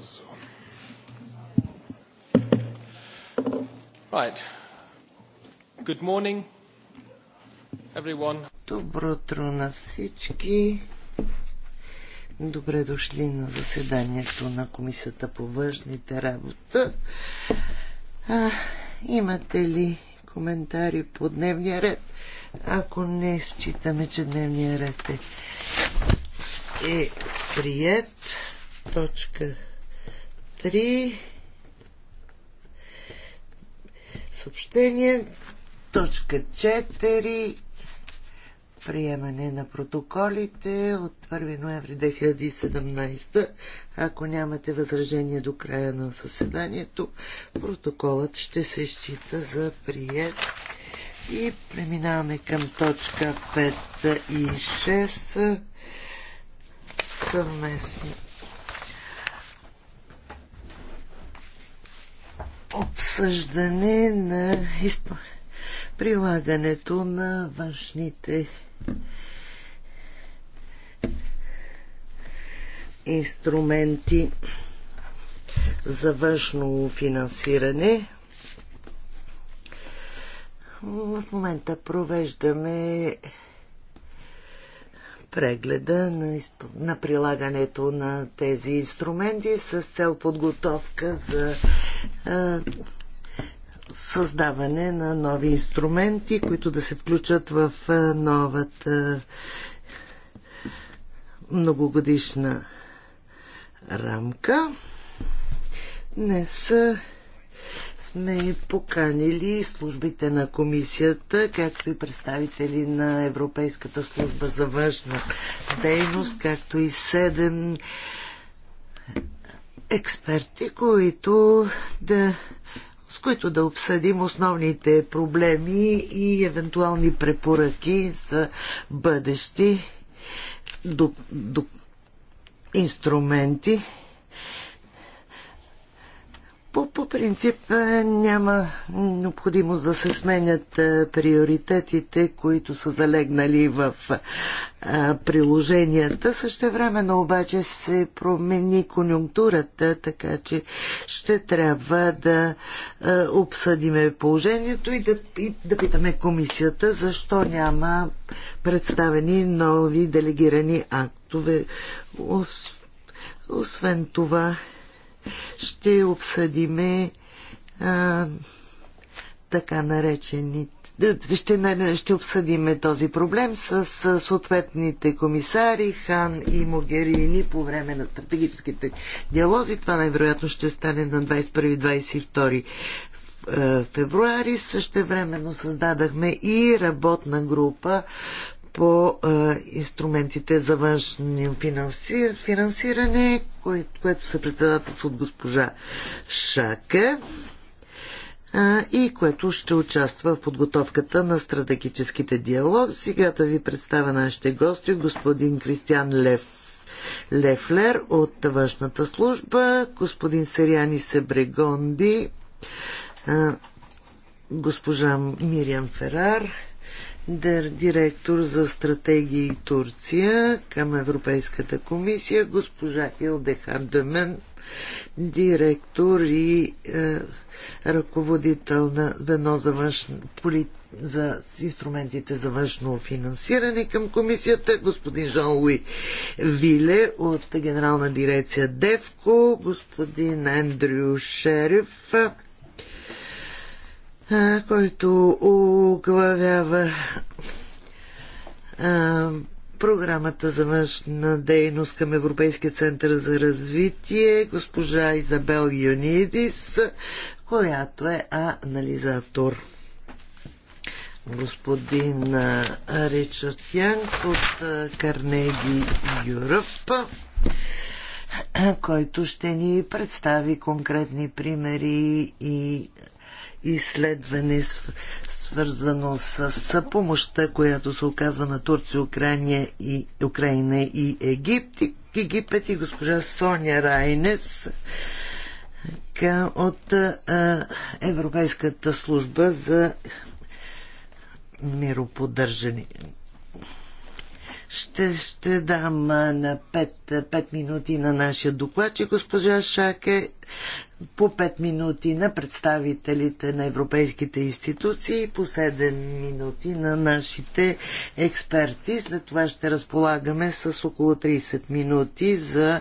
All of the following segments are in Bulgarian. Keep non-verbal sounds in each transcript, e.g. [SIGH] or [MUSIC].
So. Right. Good morning, everyone. Добро утро на всички. Добре дошли на заседанието на Комисията по външните работа. А, имате ли коментари по дневния ред? Ако не считаме, че дневния ред е, е прият, точка три Съобщение. Точка 4. Приемане на протоколите от 1 ноември 2017. Ако нямате възражение до края на съседанието, протоколът ще се счита за прият. И преминаваме към точка 5 и 6 съвместно обсъждане на прилагането на външните инструменти за външно финансиране. В момента провеждаме прегледа на, изп... на прилагането на тези инструменти с цел подготовка за създаване на нови инструменти, които да се включат в новата многогодишна рамка. Днес сме поканили службите на комисията, както и представители на Европейската служба за външна дейност, както и седем експерти, които да, с които да обсъдим основните проблеми и евентуални препоръки за бъдещи до, до инструменти по, по принцип е, няма необходимост да се сменят е, приоритетите, които са залегнали в е, приложенията. Същевременно обаче се промени конюнктурата, така че ще трябва да обсъдиме положението и да, и да питаме комисията защо няма представени нови делегирани актове. Освен това, ще обсъдиме а, така наречените ще, ще обсъдиме този проблем с, с съответните комисари Хан и Могерини по време на стратегическите диалози. Това най-вероятно ще стане на 21-22 е, февруари. времено създадахме и работна група по а, инструментите за външни финанси... финансиране, кое... което се председателство от госпожа Шаке а, и което ще участва в подготовката на стратегическите диалог. Сега да ви представя нашите гости, господин Кристиан Лев Лефлер от външната служба, господин Сериани Себрегонди, а, госпожа Мириам Ферар, директор за стратегии и Турция към Европейската комисия, госпожа Илде Хардемен, директор и е, ръководител на Вено за, външно, поли, за инструментите за външно финансиране към комисията, господин Жан-Луи Виле от Генерална дирекция ДЕВКО, господин Андрю Шериф, който оглавява програмата за външна дейност към Европейския център за развитие, госпожа Изабел Юнидис, която е анализатор. Господин Ричард Янгс от Карнеги Юръп, който ще ни представи конкретни примери и изследване, свързано с, помощта, която се оказва на Турция, Украина и, Украина и Египет. Египет и госпожа Соня Райнес от Европейската служба за мироподържане. Ще, ще дам на 5, 5 минути на нашия докладчик, госпожа Шаке, по 5 минути на представителите на европейските институции, по 7 минути на нашите експерти. След това ще разполагаме с около 30 минути за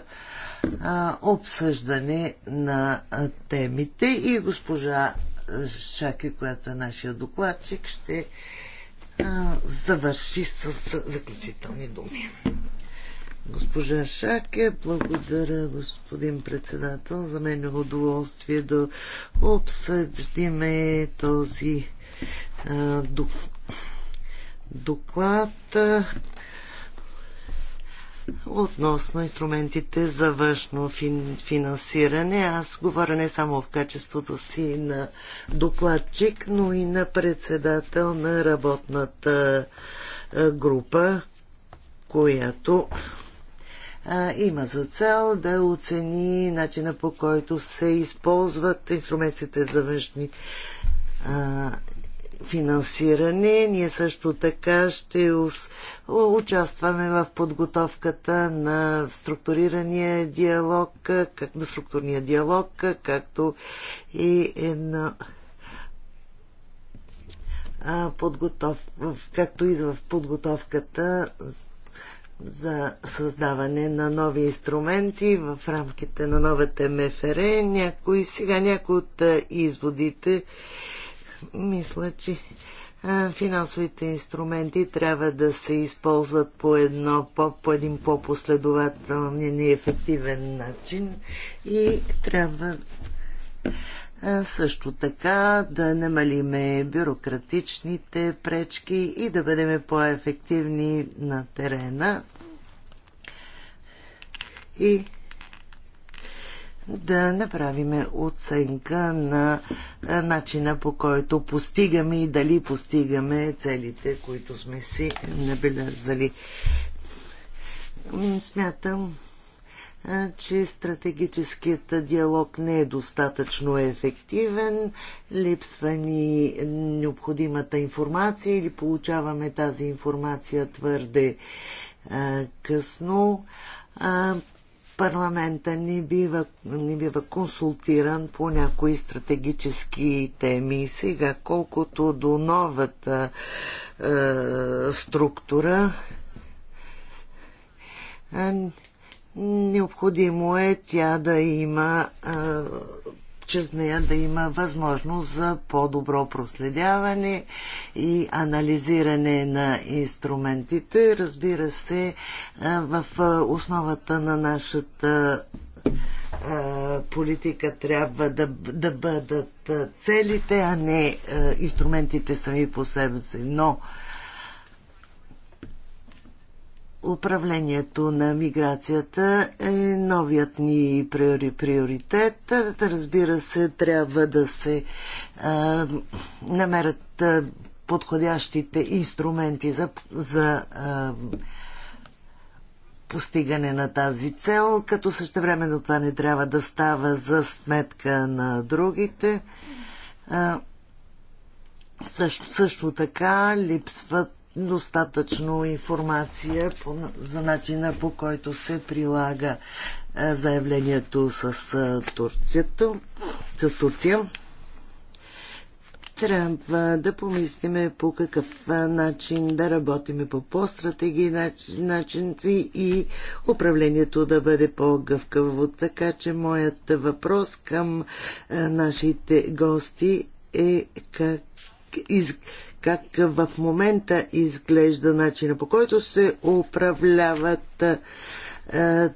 а, обсъждане на а, темите и госпожа Шаке, която е нашия докладчик, ще завърши с заключителни думи. Госпожа Шаке, благодаря господин председател. За мен е удоволствие да обсъдиме този доклад Относно инструментите за външно фин, финансиране, аз говоря не само в качеството си на докладчик, но и на председател на работната група, която а, има за цел да оцени начина по който се използват инструментите за външни финансиране. Ние също така ще участваме в подготовката на структурирания диалог, как, на структурния диалог, както и на подготов, както и в подготовката за създаване на нови инструменти в рамките на новата МФР. Някои, сега някои от изводите мисля, че финансовите инструменти трябва да се използват по, едно, по, по един по-последователен и ефективен начин и трябва също така да намалиме бюрократичните пречки и да бъдем по-ефективни на терена и да направим оценка на е, начина по който постигаме и дали постигаме целите, които сме си набелязали. Смятам, е, че стратегическият диалог не е достатъчно ефективен, липсва ни необходимата информация или получаваме тази информация твърде е, късно парламента не бива, не бива консултиран по някои стратегически теми. Сега, колкото до новата е, структура, е, необходимо е тя да има е, чрез нея да има възможност за по-добро проследяване и анализиране на инструментите. Разбира се, е, в е, основата на нашата е, политика трябва да, да бъдат целите, а не инструментите сами по себе си. Но Управлението на миграцията е новият ни приоритет. Разбира се, трябва да се а, намерят а, подходящите инструменти за, за а, постигане на тази цел, като същевременно това не трябва да става за сметка на другите. А, също, също така липсват достатъчно информация по, за начина по който се прилага заявлението с Турцията, с Турция. Трябва да помислиме по какъв начин да работиме по по-стратегии начинци и управлението да бъде по-гъвкаво. Така че моят въпрос към нашите гости е как из, как в момента изглежда начина по който се управляват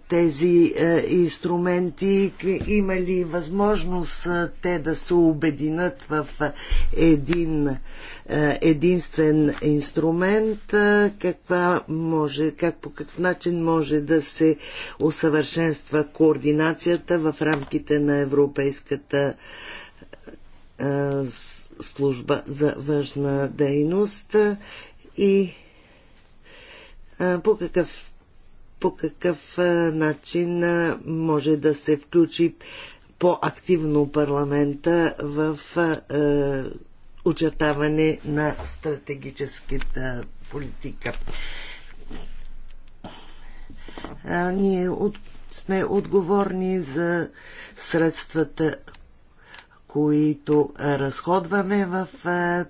тези инструменти, има ли възможност те да се обединят в един единствен инструмент, каква може, как, по какъв начин може да се усъвършенства координацията в рамките на Европейската служба за външна дейност и по какъв, по какъв начин може да се включи по-активно парламента в е, очертаване на стратегическата политика. А, ние от, сме отговорни за средствата, които разходваме в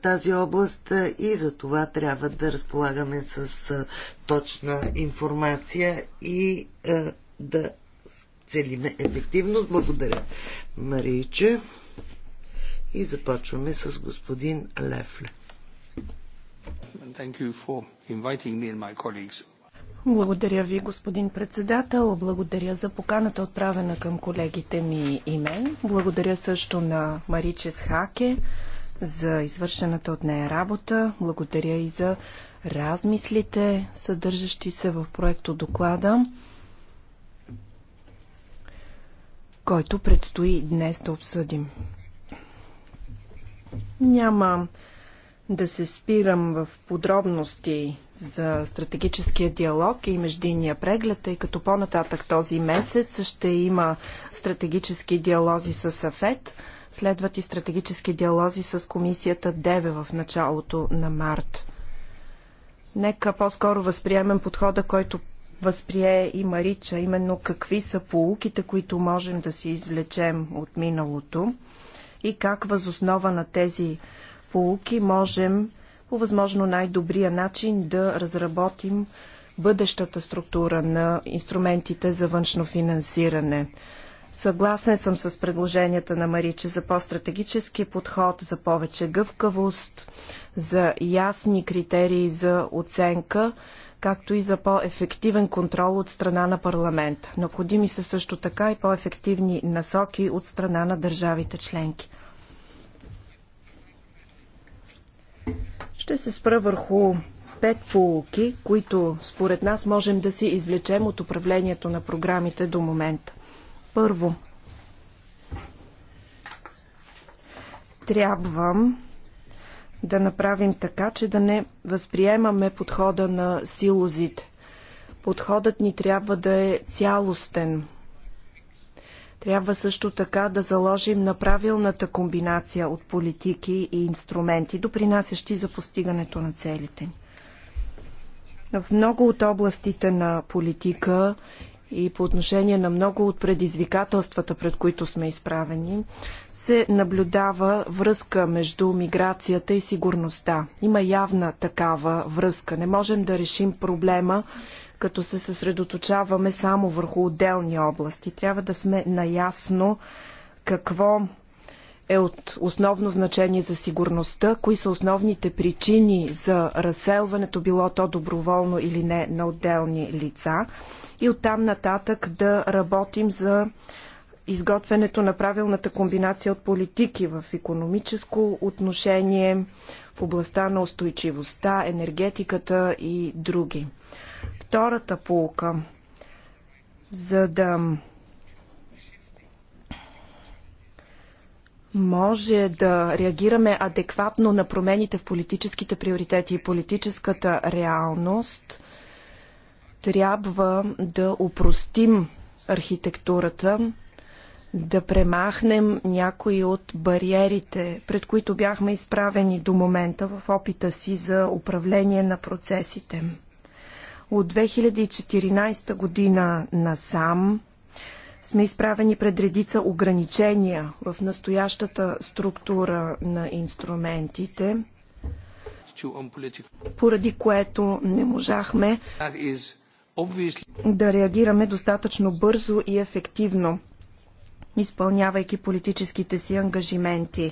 тази област и за това трябва да разполагаме с точна информация и да целиме ефективност. Благодаря, Мариче. И започваме с господин Лефле. Thank you for inviting me and my colleagues. Благодаря ви, господин председател. Благодаря за поканата отправена към колегите ми и мен. Благодаря също на Маричес Хаке за извършената от нея работа. Благодаря и за размислите, съдържащи се в проекто доклада, който предстои днес да обсъдим. Няма да се спирам в подробности за стратегическия диалог и междинния преглед, тъй като по-нататък този месец ще има стратегически диалози с АФЕТ. Следват и стратегически диалози с комисията ДЕВЕ в началото на март. Нека по-скоро възприемем подхода, който възприе и Марича, именно какви са полуките, които можем да си извлечем от миналото и как възоснова на тези поуки можем по възможно най-добрия начин да разработим бъдещата структура на инструментите за външно финансиране. Съгласен съм с предложенията на Мариче за по-стратегически подход, за повече гъвкавост, за ясни критерии за оценка, както и за по-ефективен контрол от страна на парламента. Необходими са също така и по-ефективни насоки от страна на държавите членки. Ще се спра върху пет полуки, които според нас можем да си извлечем от управлението на програмите до момента. Първо, трябва да направим така, че да не възприемаме подхода на силозите. Подходът ни трябва да е цялостен – трябва също така да заложим на правилната комбинация от политики и инструменти, допринасящи за постигането на целите ни. В много от областите на политика и по отношение на много от предизвикателствата, пред които сме изправени, се наблюдава връзка между миграцията и сигурността. Има явна такава връзка. Не можем да решим проблема като се съсредоточаваме само върху отделни области. Трябва да сме наясно какво е от основно значение за сигурността, кои са основните причини за разселването, било то доброволно или не, на отделни лица. И оттам нататък да работим за изготвянето на правилната комбинация от политики в економическо отношение, в областта на устойчивостта, енергетиката и други. Втората полука. За да може да реагираме адекватно на промените в политическите приоритети и политическата реалност, трябва да упростим архитектурата, да премахнем някои от бариерите, пред които бяхме изправени до момента в опита си за управление на процесите. От 2014 година насам сме изправени пред редица ограничения в настоящата структура на инструментите, поради което не можахме да реагираме достатъчно бързо и ефективно, изпълнявайки политическите си ангажименти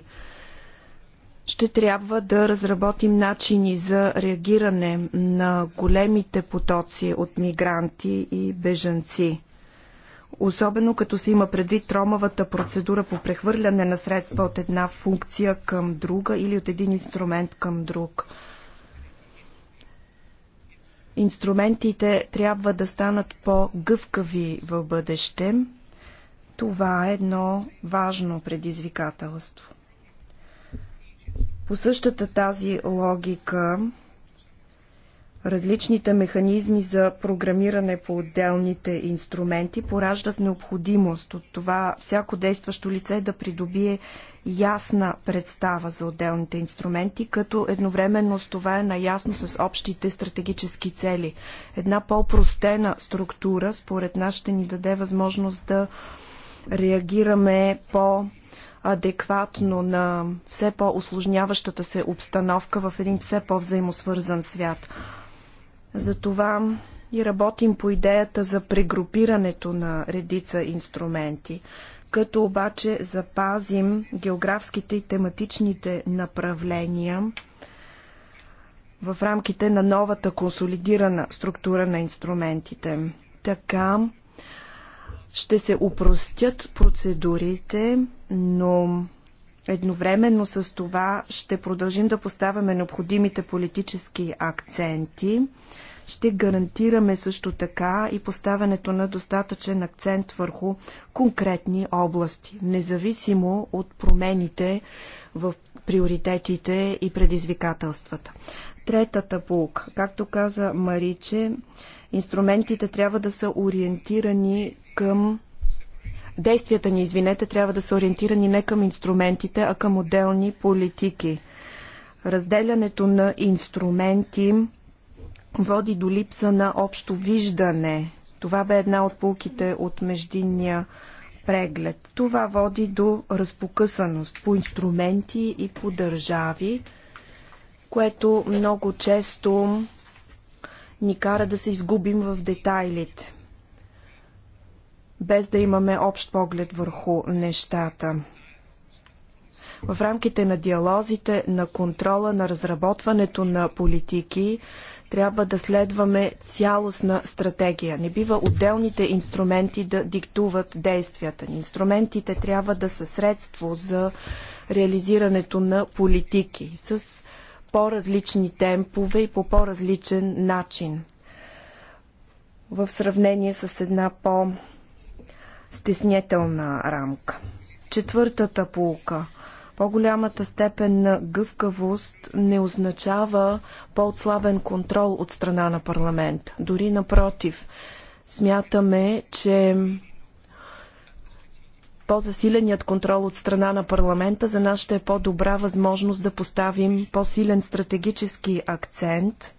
ще трябва да разработим начини за реагиране на големите потоци от мигранти и бежанци. Особено като се има предвид тромавата процедура по прехвърляне на средства от една функция към друга или от един инструмент към друг. Инструментите трябва да станат по-гъвкави в бъдеще. Това е едно важно предизвикателство. По същата тази логика различните механизми за програмиране по отделните инструменти пораждат необходимост от това всяко действащо лице да придобие ясна представа за отделните инструменти, като едновременно с това е наясно с общите стратегически цели. Една по-простена структура, според нас, ще ни даде възможност да реагираме по- адекватно на все по-осложняващата се обстановка в един все по-взаимосвързан свят. Затова и работим по идеята за прегрупирането на редица инструменти, като обаче запазим географските и тематичните направления в рамките на новата консолидирана структура на инструментите. Така ще се упростят процедурите, но едновременно с това ще продължим да поставяме необходимите политически акценти. Ще гарантираме също така и поставянето на достатъчен акцент върху конкретни области, независимо от промените в приоритетите и предизвикателствата. Третата полука, както каза Мариче, инструментите трябва да са ориентирани към действията ни, извинете, трябва да са ориентирани не към инструментите, а към отделни политики. Разделянето на инструменти води до липса на общо виждане. Това бе една от полките от междинния преглед. Това води до разпокъсаност по инструменти и по държави, което много често ни кара да се изгубим в детайлите без да имаме общ поглед върху нещата. В рамките на диалозите, на контрола, на разработването на политики, трябва да следваме цялостна стратегия. Не бива отделните инструменти да диктуват действията ни. Инструментите трябва да са средство за реализирането на политики с по-различни темпове и по по-различен начин в сравнение с една по- стеснителна рамка. Четвъртата полука. По-голямата степен на гъвкавост не означава по-отслабен контрол от страна на парламент. Дори напротив, смятаме, че по-засиленият контрол от страна на парламента за нас ще е по-добра възможност да поставим по-силен стратегически акцент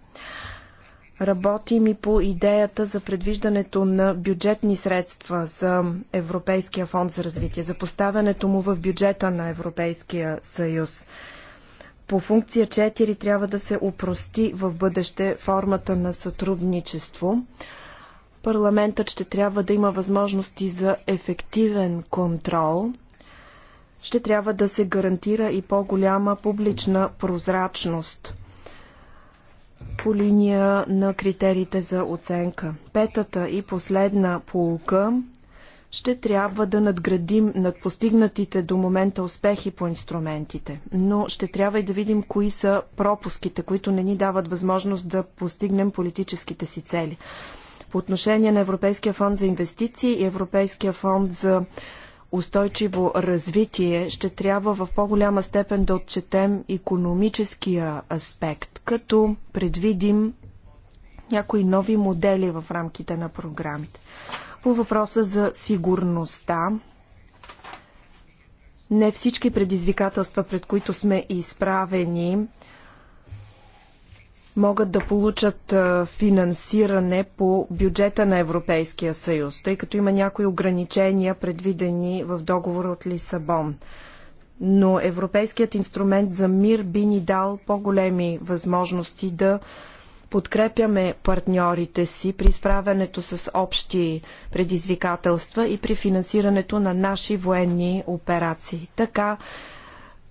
Работим и по идеята за предвиждането на бюджетни средства за Европейския фонд за развитие, за поставянето му в бюджета на Европейския съюз. По функция 4 трябва да се упрости в бъдеще формата на сътрудничество. Парламентът ще трябва да има възможности за ефективен контрол. Ще трябва да се гарантира и по-голяма публична прозрачност – по линия на критериите за оценка. Петата и последна полука ще трябва да надградим над постигнатите до момента успехи по инструментите, но ще трябва и да видим кои са пропуските, които не ни дават възможност да постигнем политическите си цели. По отношение на Европейския фонд за инвестиции и Европейския фонд за устойчиво развитие, ще трябва в по-голяма степен да отчетем економическия аспект, като предвидим някои нови модели в рамките на програмите. По въпроса за сигурността, не всички предизвикателства, пред които сме изправени, могат да получат финансиране по бюджета на Европейския съюз, тъй като има някои ограничения, предвидени в договора от Лисабон. Но Европейският инструмент за мир би ни дал по-големи възможности да подкрепяме партньорите си при справянето с общи предизвикателства и при финансирането на наши военни операции. Така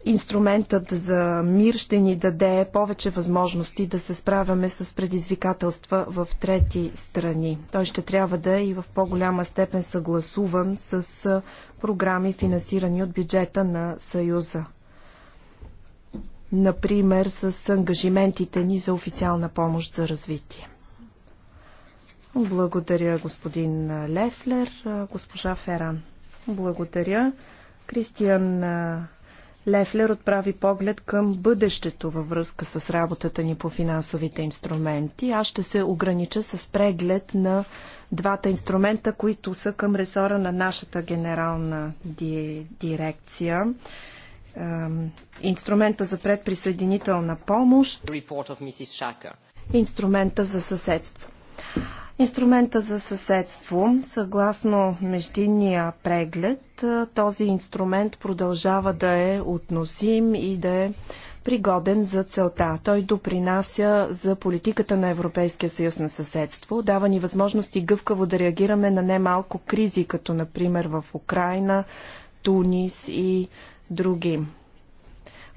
Инструментът за мир ще ни даде повече възможности да се справяме с предизвикателства в трети страни. Той ще трябва да е и в по-голяма степен съгласуван с програми, финансирани от бюджета на Съюза. Например, с ангажиментите ни за официална помощ за развитие. Благодаря, господин Лефлер, госпожа Феран. Благодаря. Кристиан Лефлер отправи поглед към бъдещето във връзка с работата ни по финансовите инструменти. Аз ще се огранича с преглед на двата инструмента, които са към ресора на нашата генерална дирекция. Инструмента за предприсъединителна помощ. Инструмента за съседство. Инструмента за съседство, съгласно междинния преглед, този инструмент продължава да е относим и да е пригоден за целта. Той допринася за политиката на Европейския съюз на съседство, дава ни възможности гъвкаво да реагираме на немалко кризи, като например в Украина, Тунис и други.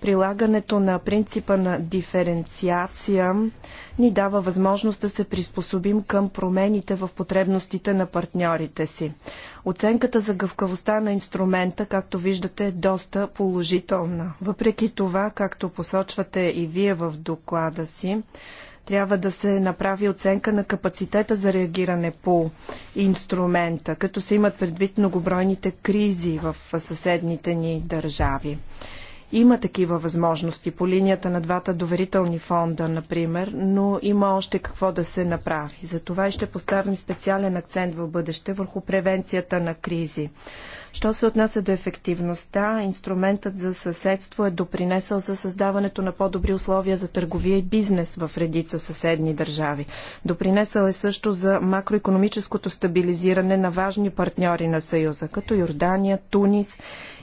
Прилагането на принципа на диференциация ни дава възможност да се приспособим към промените в потребностите на партньорите си. Оценката за гъвкавостта на инструмента, както виждате, е доста положителна. Въпреки това, както посочвате и вие в доклада си, трябва да се направи оценка на капацитета за реагиране по инструмента, като се имат предвид многобройните кризи в съседните ни държави. Има такива възможности по линията на двата доверителни фонда, например, но има още какво да се направи. Затова и ще поставим специален акцент в бъдеще върху превенцията на кризи. Що се отнася до ефективността, инструментът за съседство е допринесъл за създаването на по-добри условия за търговия и бизнес в редица съседни държави. Допринесъл е също за макроекономическото стабилизиране на важни партньори на Съюза, като Йордания, Тунис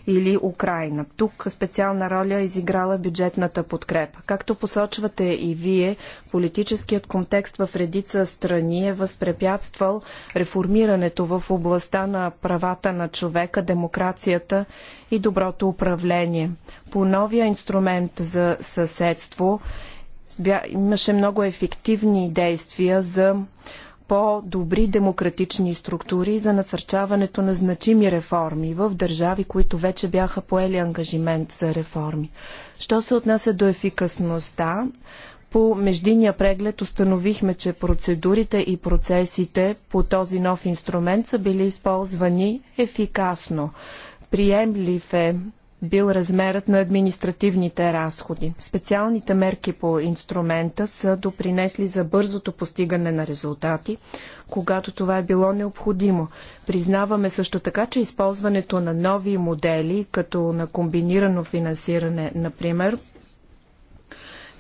или Украина. Тук специална роля е изиграла бюджетната подкрепа. Както посочвате и вие, политическият контекст в редица страни е възпрепятствал реформирането в областта на правата на човека, демокрацията и доброто управление. По новия инструмент за съседство имаше много ефективни действия за по-добри демократични структури за насърчаването на значими реформи в държави, които вече бяха поели ангажимент за реформи. Що се отнася до ефикасността, по междиния преглед установихме, че процедурите и процесите по този нов инструмент са били използвани ефикасно. Приемлив е бил размерът на административните разходи. Специалните мерки по инструмента са допринесли за бързото постигане на резултати, когато това е било необходимо. Признаваме също така, че използването на нови модели, като на комбинирано финансиране, например,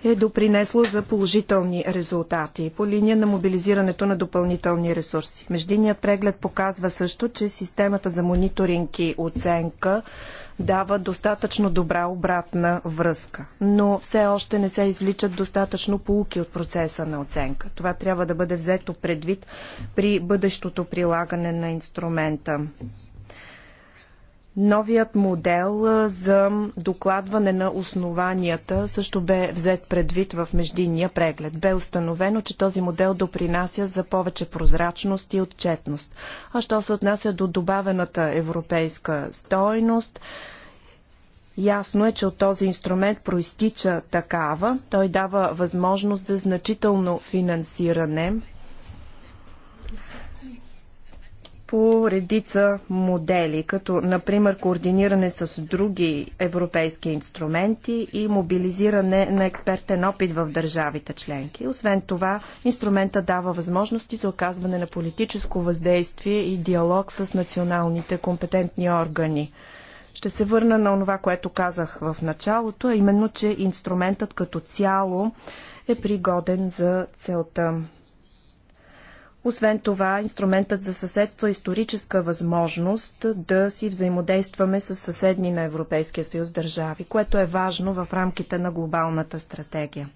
е допринесло за положителни резултати по линия на мобилизирането на допълнителни ресурси. Междинният преглед показва също, че системата за мониторинг и оценка дава достатъчно добра обратна връзка, но все още не се извличат достатъчно полуки от процеса на оценка. Това трябва да бъде взето предвид при бъдещото прилагане на инструмента. Новият модел за докладване на основанията също бе взет предвид в междинния преглед. Бе установено, че този модел допринася за повече прозрачност и отчетност. А що се отнася до добавената европейска стойност, Ясно е, че от този инструмент проистича такава. Той дава възможност за значително финансиране по редица модели, като например координиране с други европейски инструменти и мобилизиране на експертен опит в държавите членки. Освен това, инструмента дава възможности за оказване на политическо въздействие и диалог с националните компетентни органи. Ще се върна на това, което казах в началото, а именно, че инструментът като цяло е пригоден за целта. Освен това, инструментът за съседство е историческа възможност да си взаимодействаме с съседни на Европейския съюз държави, което е важно в рамките на глобалната стратегия.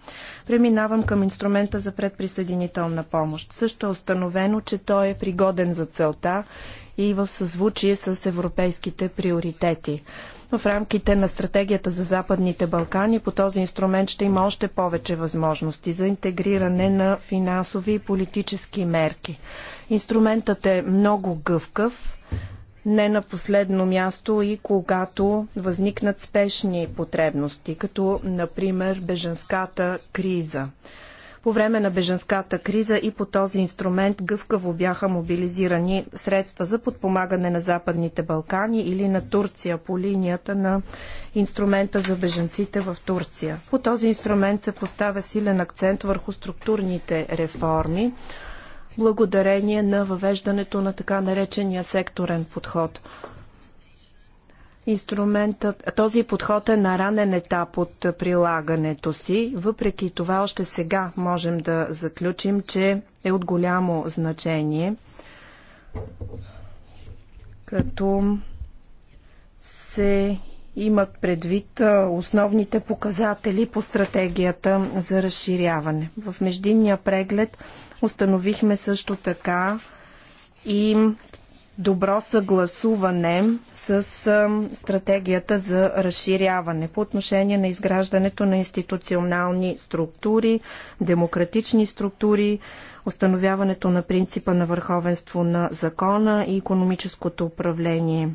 Преминавам към инструмента за предприсъединителна помощ. Също е установено, че той е пригоден за целта и в съзвучие с европейските приоритети. В рамките на стратегията за Западните Балкани по този инструмент ще има още повече възможности за интегриране на финансови и политически мерки. Инструментът е много гъвкав, не на последно място и когато възникнат спешни потребности, като например беженската криза. По време на беженската криза и по този инструмент гъвкаво бяха мобилизирани средства за подпомагане на Западните Балкани или на Турция по линията на инструмента за беженците в Турция. По този инструмент се поставя силен акцент върху структурните реформи, благодарение на въвеждането на така наречения секторен подход. Инструментът, този подход е на ранен етап от прилагането си. Въпреки това, още сега можем да заключим, че е от голямо значение, като се имат предвид основните показатели по стратегията за разширяване. В междинния преглед установихме също така и добро съгласуване с стратегията за разширяване по отношение на изграждането на институционални структури, демократични структури, установяването на принципа на върховенство на закона и економическото управление.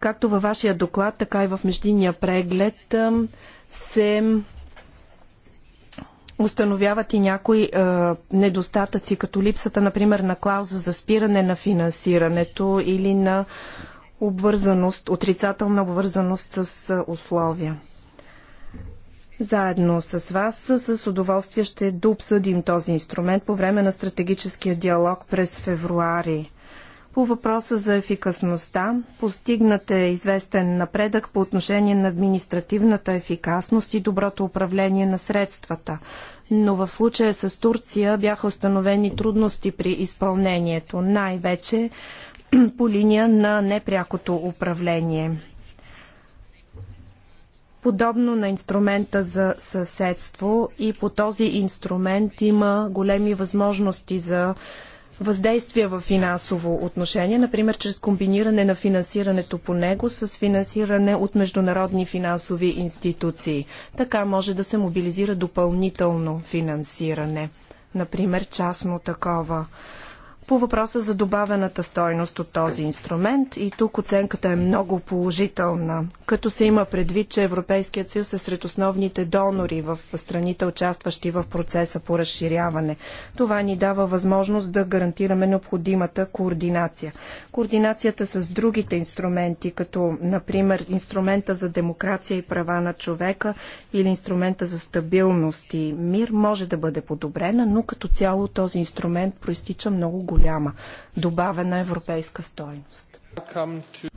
Както във вашия доклад, така и в междинния преглед се установяват и някои е, недостатъци, като липсата, например, на клауза за спиране на финансирането или на обвързаност, отрицателна обвързаност с е, условия. Заедно с вас с удоволствие ще дообсъдим този инструмент по време на стратегическия диалог през февруари. По въпроса за ефикасността, постигнат е известен напредък по отношение на административната ефикасност и доброто управление на средствата. Но в случая с Турция бяха установени трудности при изпълнението, най-вече [CLEARS THROAT] по линия на непрякото управление. Подобно на инструмента за съседство и по този инструмент има големи възможности за въздействия в финансово отношение, например чрез комбиниране на финансирането по него с финансиране от международни финансови институции. Така може да се мобилизира допълнително финансиране, например частно такова. По въпроса за добавената стойност от този инструмент и тук оценката е много положителна, като се има предвид, че Европейският съюз е сред основните донори в страните, участващи в процеса по разширяване. Това ни дава възможност да гарантираме необходимата координация. Координацията с другите инструменти, като например инструмента за демокрация и права на човека или инструмента за стабилност и мир, може да бъде подобрена, но като цяло този инструмент проистича много голям голяма добавена европейска стойност.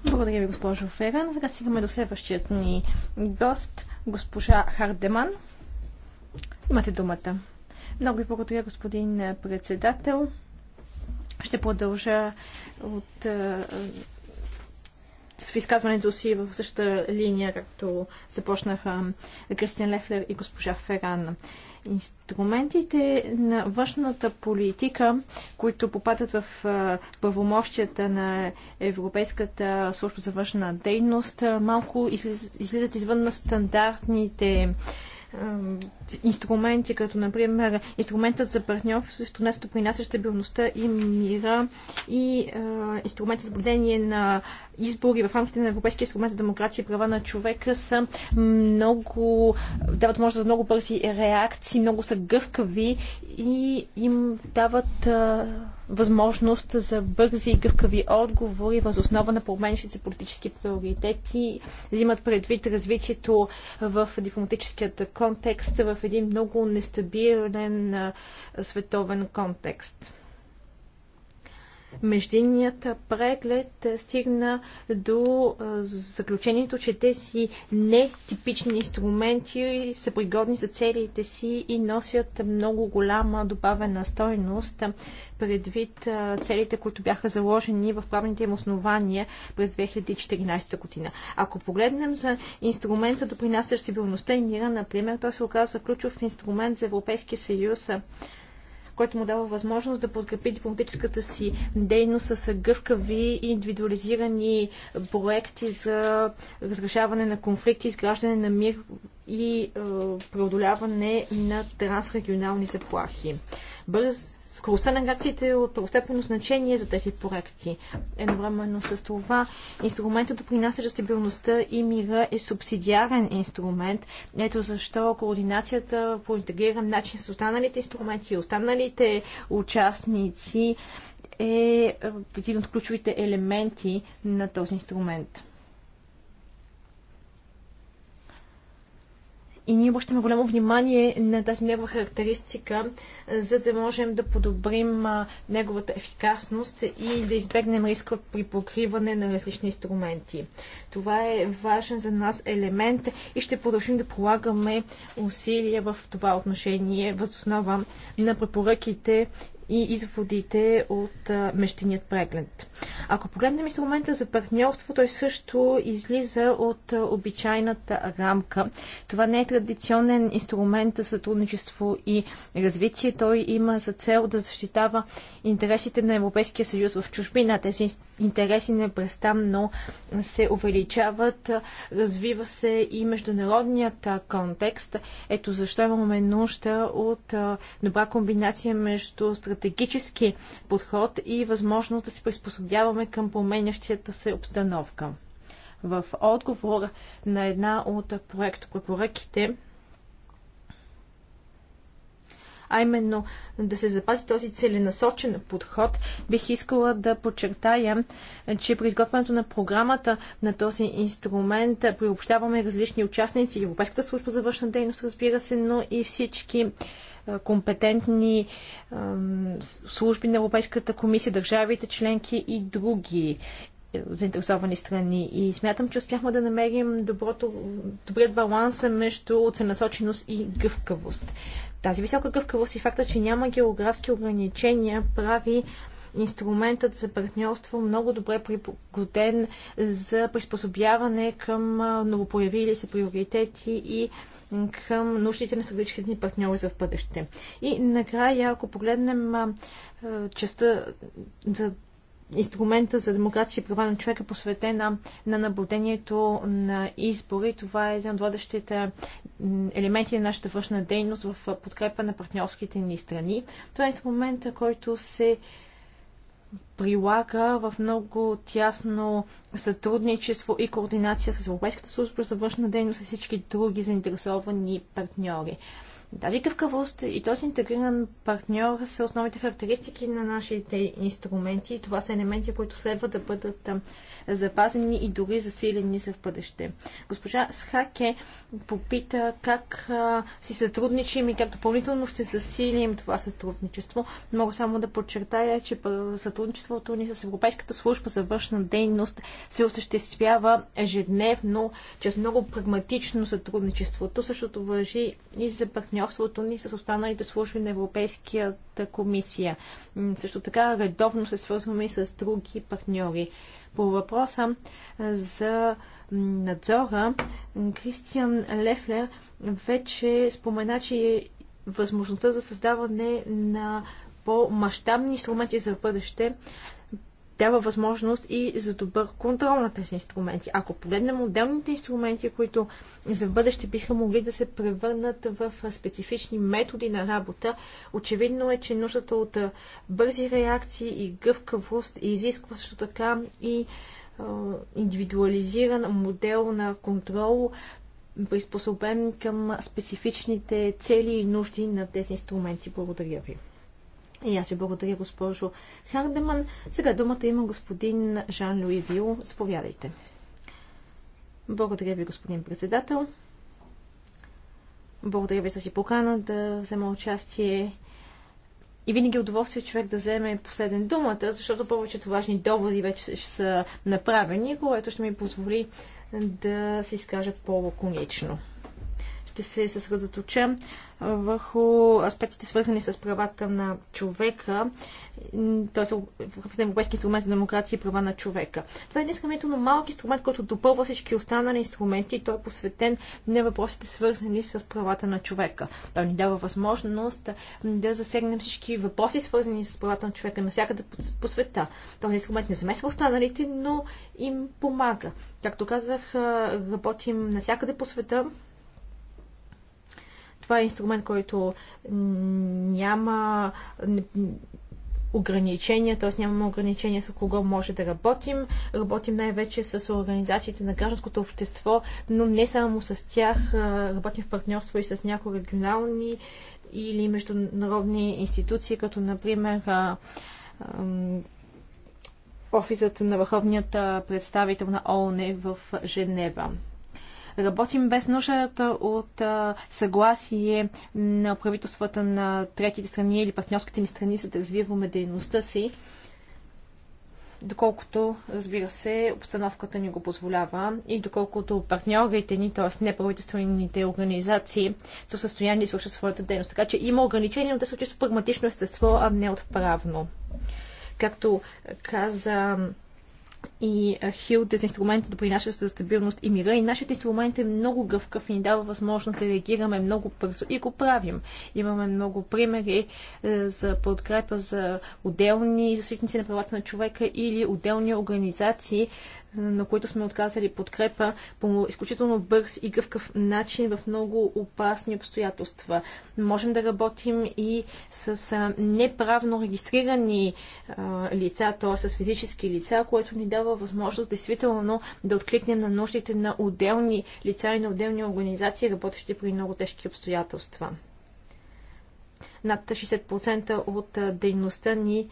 Благодаря ви, госпожо Феран. Сега стигаме до следващият ни гост, госпожа Хардеман. Имате думата. Много ви благодаря, господин председател. Ще продължа от в изказването си в същата линия, както започнаха Кристиан Лефлер и госпожа Феран. Инструментите на външната политика, които попадат в правомощията на Европейската служба за външна дейност, малко излизат извън на стандартните инструменти, като например инструментът за партньорството, нещо принася стабилността и мира и инструментът за наблюдение на избори в рамките на Европейския инструмент за демокрация и права на човека са много, дават може за много бързи реакции, много са гъвкави и им дават възможност за бързи и гъвкави отговори въз основа на променящите политически приоритети, взимат предвид развитието в дипломатическият контекст в един много нестабилен световен контекст междинният преглед стигна до заключението, че тези нетипични инструменти са пригодни за целите си и носят много голяма добавена стойност предвид целите, които бяха заложени в правните им основания през 2014 година. Ако погледнем за инструмента допринасящ стабилността и мира, например, той се оказа ключов инструмент за Европейския съюз което му дава възможност да подкрепи дипломатическата си дейност с гъвкави и индивидуализирани проекти за разрешаване на конфликти, изграждане на мир и е, преодоляване на трансрегионални заплахи бърз скоростта на реакциите е от първостепенно значение за тези проекти. Едновременно с това инструментът допринася за стабилността и мира е субсидиарен инструмент. Ето защо координацията по интегриран начин с останалите инструменти и останалите участници е един от ключовите елементи на този инструмент. И ние обръщаме голямо внимание на тази негова характеристика, за да можем да подобрим неговата ефикасност и да избегнем риска при покриване на различни инструменти. Това е важен за нас елемент и ще продължим да полагаме усилия в това отношение, възоснова на препоръките и изводите от мещеният преглед. Ако погледнем инструмента за партньорство, той също излиза от обичайната рамка. Това не е традиционен инструмент за сътрудничество и развитие. Той има за цел да защитава интересите на Европейския съюз в чужбина. Тези интереси непрестанно се увеличават, развива се и международният контекст. Ето защо имаме нужда от добра комбинация между стратегически подход и възможност да се приспособяваме към променящата се обстановка. В отговор на една от проект препоръките, а именно да се запази този целенасочен подход. Бих искала да подчертая, че при изготвянето на програмата на този инструмент приобщаваме различни участници, Европейската служба за външна дейност, разбира се, но и всички компетентни служби на Европейската комисия, държавите членки и други заинтересовани страни. И смятам, че успяхме да намерим доброто, добрият баланс между целенасоченост и гъвкавост. Тази висока гъвкавост и факта, че няма географски ограничения, прави инструментът за партньорство много добре пригоден за приспособяване към новопоявили се приоритети и към нуждите на стратегическите ни партньори за в бъдеще. И накрая, ако погледнем частта за инструмента за демокрация и права на човека, посветена на наблюдението на избори. Това е един от водещите елементи на нашата външна дейност в подкрепа на партньорските ни страни. Това е инструмент, който се прилага в много тясно сътрудничество и координация с Европейската служба за външна дейност и всички други заинтересовани партньори. Тази къвкавост и този интегриран партньор са основните характеристики на нашите инструменти. Това са елементи, които следва да бъдат запазени и дори засилени за в бъдеще. Госпожа Схаке попита как а, си сътрудничим и как допълнително ще засилим това сътрудничество. Мога само да подчертая, че сътрудничеството ни с Европейската служба за външна дейност се осъществява ежедневно, чрез много прагматично сътрудничеството. Същото въжи и за партньор партньорството ни с останалите служби на Европейската комисия. Също така редовно се свързваме и с други партньори. По въпроса за надзора, Кристиан Лефлер вече спомена, че е възможността за създаване на по-масштабни инструменти за бъдеще дава възможност и за добър контрол на тези инструменти. Ако погледнем отделните инструменти, които за бъдеще биха могли да се превърнат в специфични методи на работа, очевидно е, че нуждата от бързи реакции и гъвкавост изисква също така и индивидуализиран модел на контрол, приспособен към специфичните цели и нужди на тези инструменти. Благодаря ви. И аз ви благодаря, госпожо Хардеман. Сега думата има господин Жан Луи Вил. Сповядайте. Благодаря ви, господин председател. Благодаря ви за си покана да взема участие. И винаги е удоволствие човек да вземе последен думата, защото повечето важни доводи вече са направени, което ще ми позволи да се изкажа по-лаконично. Ще се съсредоточа върху аспектите свързани с правата на човека, т.е. Европейски инструмент за демокрация и права на човека. Това е един сравнително малък инструмент, който допълва всички останали инструменти и той е посветен на въпросите свързани с правата на човека. Той ни дава възможност да засегнем всички въпроси свързани с правата на човека навсякъде по света. Този инструмент не замесва останалите, но им помага. Както казах, работим навсякъде по света, това е инструмент, който няма ограничения, т.е. нямаме ограничения с кого може да работим. Работим най-вече с организациите на гражданското общество, но не само с тях. Работим в партньорство и с някои регионални или международни институции, като например офисът на върховният представител на ООН е в Женева. Работим без нуждата от съгласие на правителствата на третите страни или партньорските ни страни, за да развиваме дейността си доколкото, разбира се, обстановката ни го позволява и доколкото партньорите ни, т.е. неправителствените организации, са в състояние да свършат своята дейност. Така че има ограничения, но те са чисто прагматично естество, а не отправно. Както каза и Хилд за инструмента допринася за стабилност и мира. И нашият инструмент е много гъвкав и ни дава възможност да реагираме много бързо и го правим. Имаме много примери е, за подкрепа за отделни защитници на правата на човека или отделни организации на които сме отказали подкрепа по изключително бърз и гъвкав начин в много опасни обстоятелства. Можем да работим и с неправно регистрирани лица, т.е. с физически лица, което ни дава възможност действително да откликнем на нуждите на отделни лица и на отделни организации, работещи при много тежки обстоятелства. Над 60% от дейността ни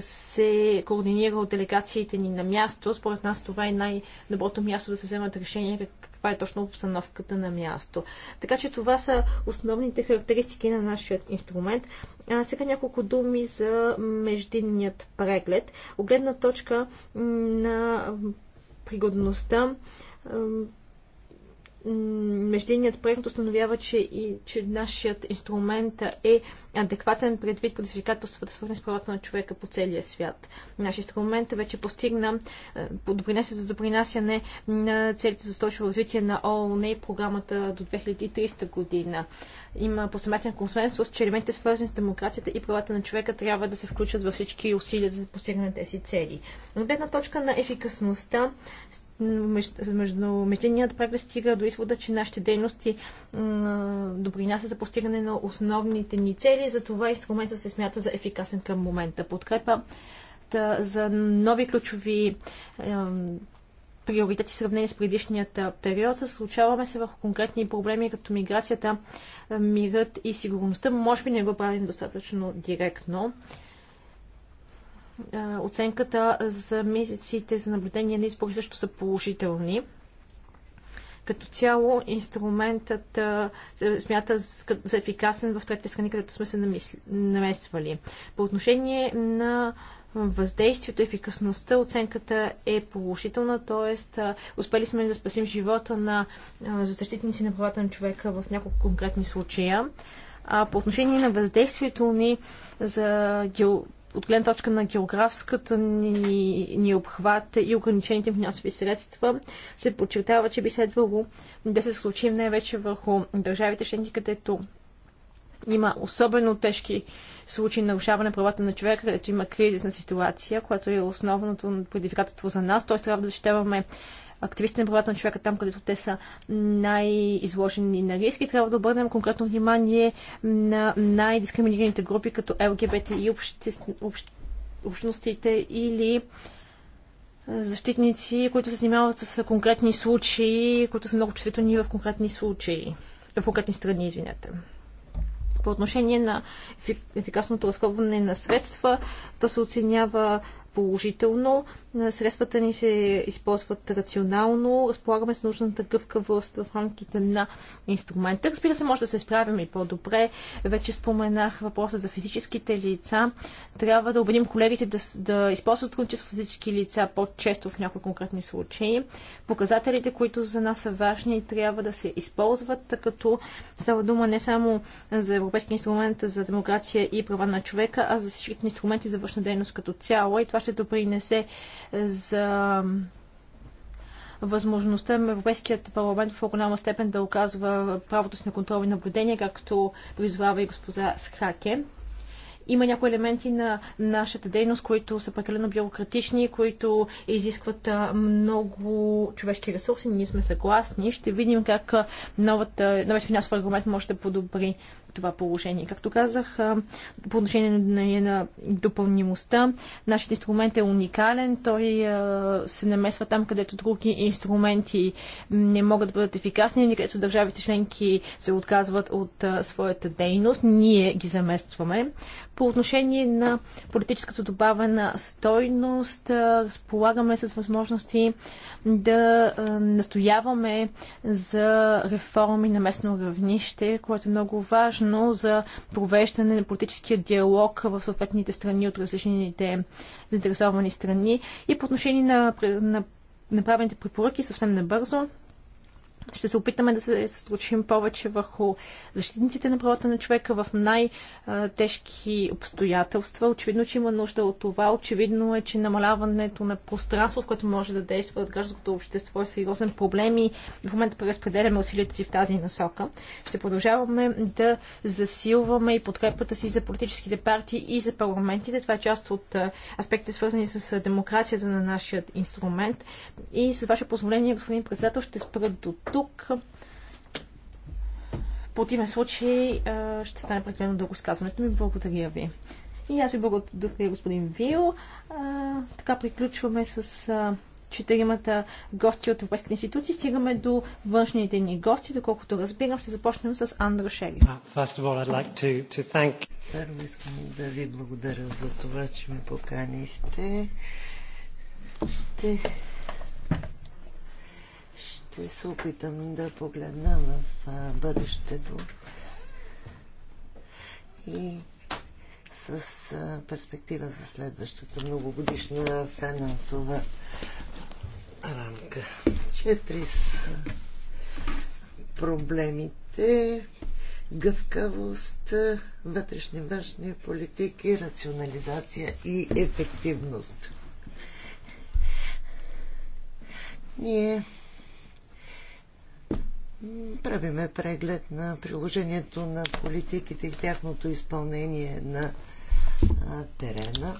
се координира от делегациите ни на място. Според нас това е най-доброто място да се вземат решения каква е точно обстановката на място. Така че това са основните характеристики на нашия инструмент. А, сега няколко думи за междинният преглед. Огледна точка на пригодността междинният проект установява, че, и, че нашият инструмент е адекватен предвид предизвикателствата, свързани с правата на човека по целия свят. Наш инструмент вече постигна, е, допринесе за допринасяне на целите за устойчиво развитие на ООН и програмата до 2300 година. Има посъместен консенсус, че елементите свързани с демокрацията и правата на човека трябва да се включат във всички усилия за постигане на тези цели. От гледна точка на ефикасността, междуният прак стига до извода, че нашите дейности допринася за постигане на основните ни цели, за затова инструмента се смята за ефикасен към момента. Подкрепа за нови ключови е, приоритети, сравнени с предишният период. Случаваме се върху конкретни проблеми, като миграцията, мирът и сигурността. Може би не го правим достатъчно директно. оценката за мисиите за наблюдение на избори също са положителни. Като цяло инструментът се смята за ефикасен в трети страни, където сме се намесвали. По отношение на въздействието, ефикасността, оценката е положителна, т.е. успели сме да спасим живота на защитници на правата на човека в няколко конкретни случая. А по отношение на въздействието ни за гео от гледна точка на географската ни, ни обхват и ограничените финансови средства, се подчертава, че би следвало да се случим най-вече върху държавите членки, където има особено тежки случаи нарушаване правата на човека, където има кризисна ситуация, която е основното предизвикателство за нас. Т.е. трябва да защитаваме активистите на правата на човека там, където те са най-изложени на риски. Трябва да обърнем конкретно внимание на най-дискриминираните групи, като ЛГБТ и общ, общностите или защитници, които се занимават с конкретни случаи, които са много чувствителни в конкретни случаи, в конкретни страни, извинете. По отношение на ефикасното разходване на средства, то се оценява положително средствата ни се използват рационално, разполагаме с нужната гъвкавост в рамките на инструмента. Разбира се, може да се справим и по-добре. Вече споменах въпроса за физическите лица. Трябва да убедим колегите да, да използват сътрудничество физически лица по-често в някои конкретни случаи. Показателите, които за нас са важни, трябва да се използват, като става дума не само за Европейски инструмент за демокрация и права на човека, а за всички инструменти за външна дейност като цяло. И това ще допринесе за възможността Европейският парламент в голяма степен да оказва правото си на контрол и наблюдение, както призвава и госпожа Схаке. Има някои елементи на нашата дейност, които са прекалено бюрократични, които изискват много човешки ресурси. Ние сме съгласни. Ще видим как новата, новата финансова аргумент може да подобри това положение. Както казах, по отношение на, на допълнимостта, нашият инструмент е уникален. Той се намесва там, където други инструменти не могат да бъдат ефикасни, или където държавите членки се отказват от своята дейност. Ние ги заместваме. По отношение на политическата добавена стойност, разполагаме с възможности да настояваме за реформи на местно равнище, което е много важно важно за провеждане на политическия диалог в съответните страни от различните заинтересовани страни. И по отношение на, на направените препоръки съвсем набързо. Ще се опитаме да се случим повече върху защитниците на правата на човека в най-тежки обстоятелства. Очевидно, че има нужда от това. Очевидно е, че намаляването на пространство, в което може да действа гражданското общество е сериозен проблем и в момента преразпределяме усилията си в тази насока. Ще продължаваме да засилваме и подкрепата си за политическите партии и за парламентите. Това е част от аспектите свързани с демокрацията на нашия инструмент. И с ваше позволение, господин председател, ще спра до тук тук. В противен случай ще стане прекалено дълго сказването ми. Благодаря ви. И аз ви благодаря, господин Вил. така приключваме с четиримата гости от европейските институции. Стигаме до външните ни гости. Доколкото разбирам, ще започнем с Андро Шери. Uh, Първо искам да ви благодаря за това, че ме поканихте. Ще ще се опитам да погледна в бъдещето и с перспектива за следващата многогодишна финансова рамка. Четири са проблемите гъвкавост, вътрешни външни политики, рационализация и ефективност. Ние правиме преглед на приложението на политиките и тяхното изпълнение на а, терена.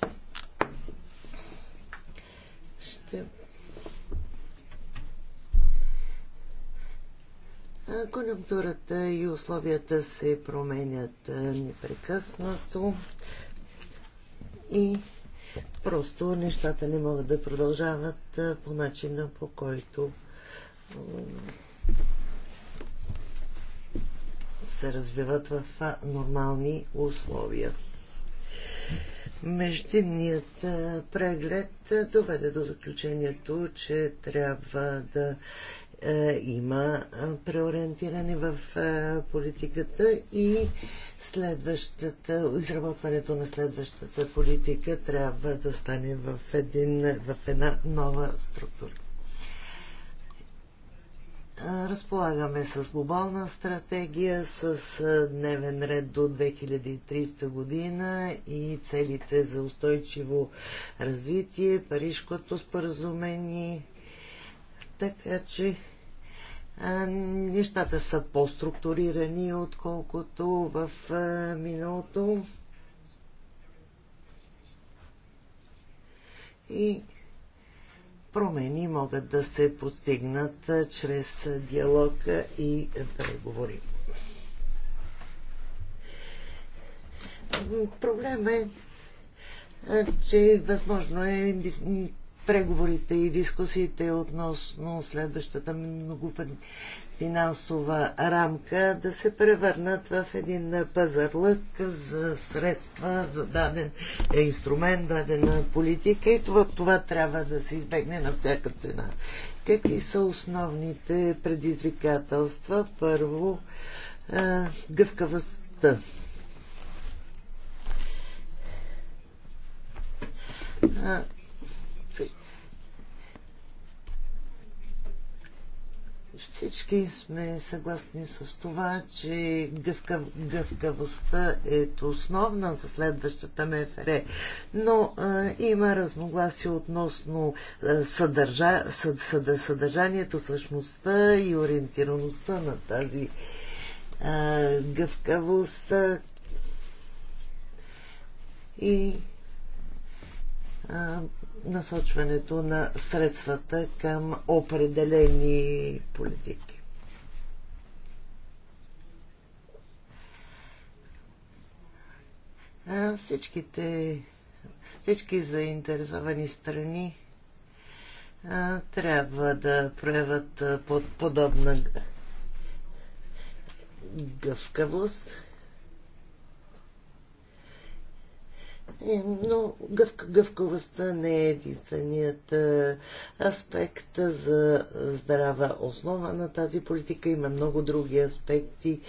Ще Конюнктурата и условията се променят непрекъснато и просто нещата не могат да продължават по начина по който се развиват в нормални условия. Междинният преглед доведе до заключението, че трябва да има преориентиране в политиката и следващата, изработването на следващата политика трябва да стане в, един, в една нова структура разполагаме с глобална стратегия, с дневен ред до 2300 година и целите за устойчиво развитие, Парижкото споразумение. Така че нещата са по-структурирани, отколкото в миналото. И промени могат да се постигнат чрез диалог и преговори. Проблем е, че възможно е преговорите и дискусиите относно следващата финансова рамка да се превърнат в един пазарлък за средства, за даден инструмент, дадена политика и това, това трябва да се избегне на всяка цена. Какви са основните предизвикателства? Първо, гъвкавостта. Всички сме съгласни с това, че гъвкав, гъвкавостта е основна за следващата МФР, но а, има разногласие относно съдържа, съдържанието, същността и ориентираността на тази а, гъвкавост и а, насочването на средствата към определени политики. А всичките, всички заинтересовани страни а, трябва да проявят под, подобна гъвкавост Е, но гъв, гъвковостта не е единственият е, аспект за здрава основа на тази политика. Има много други аспекти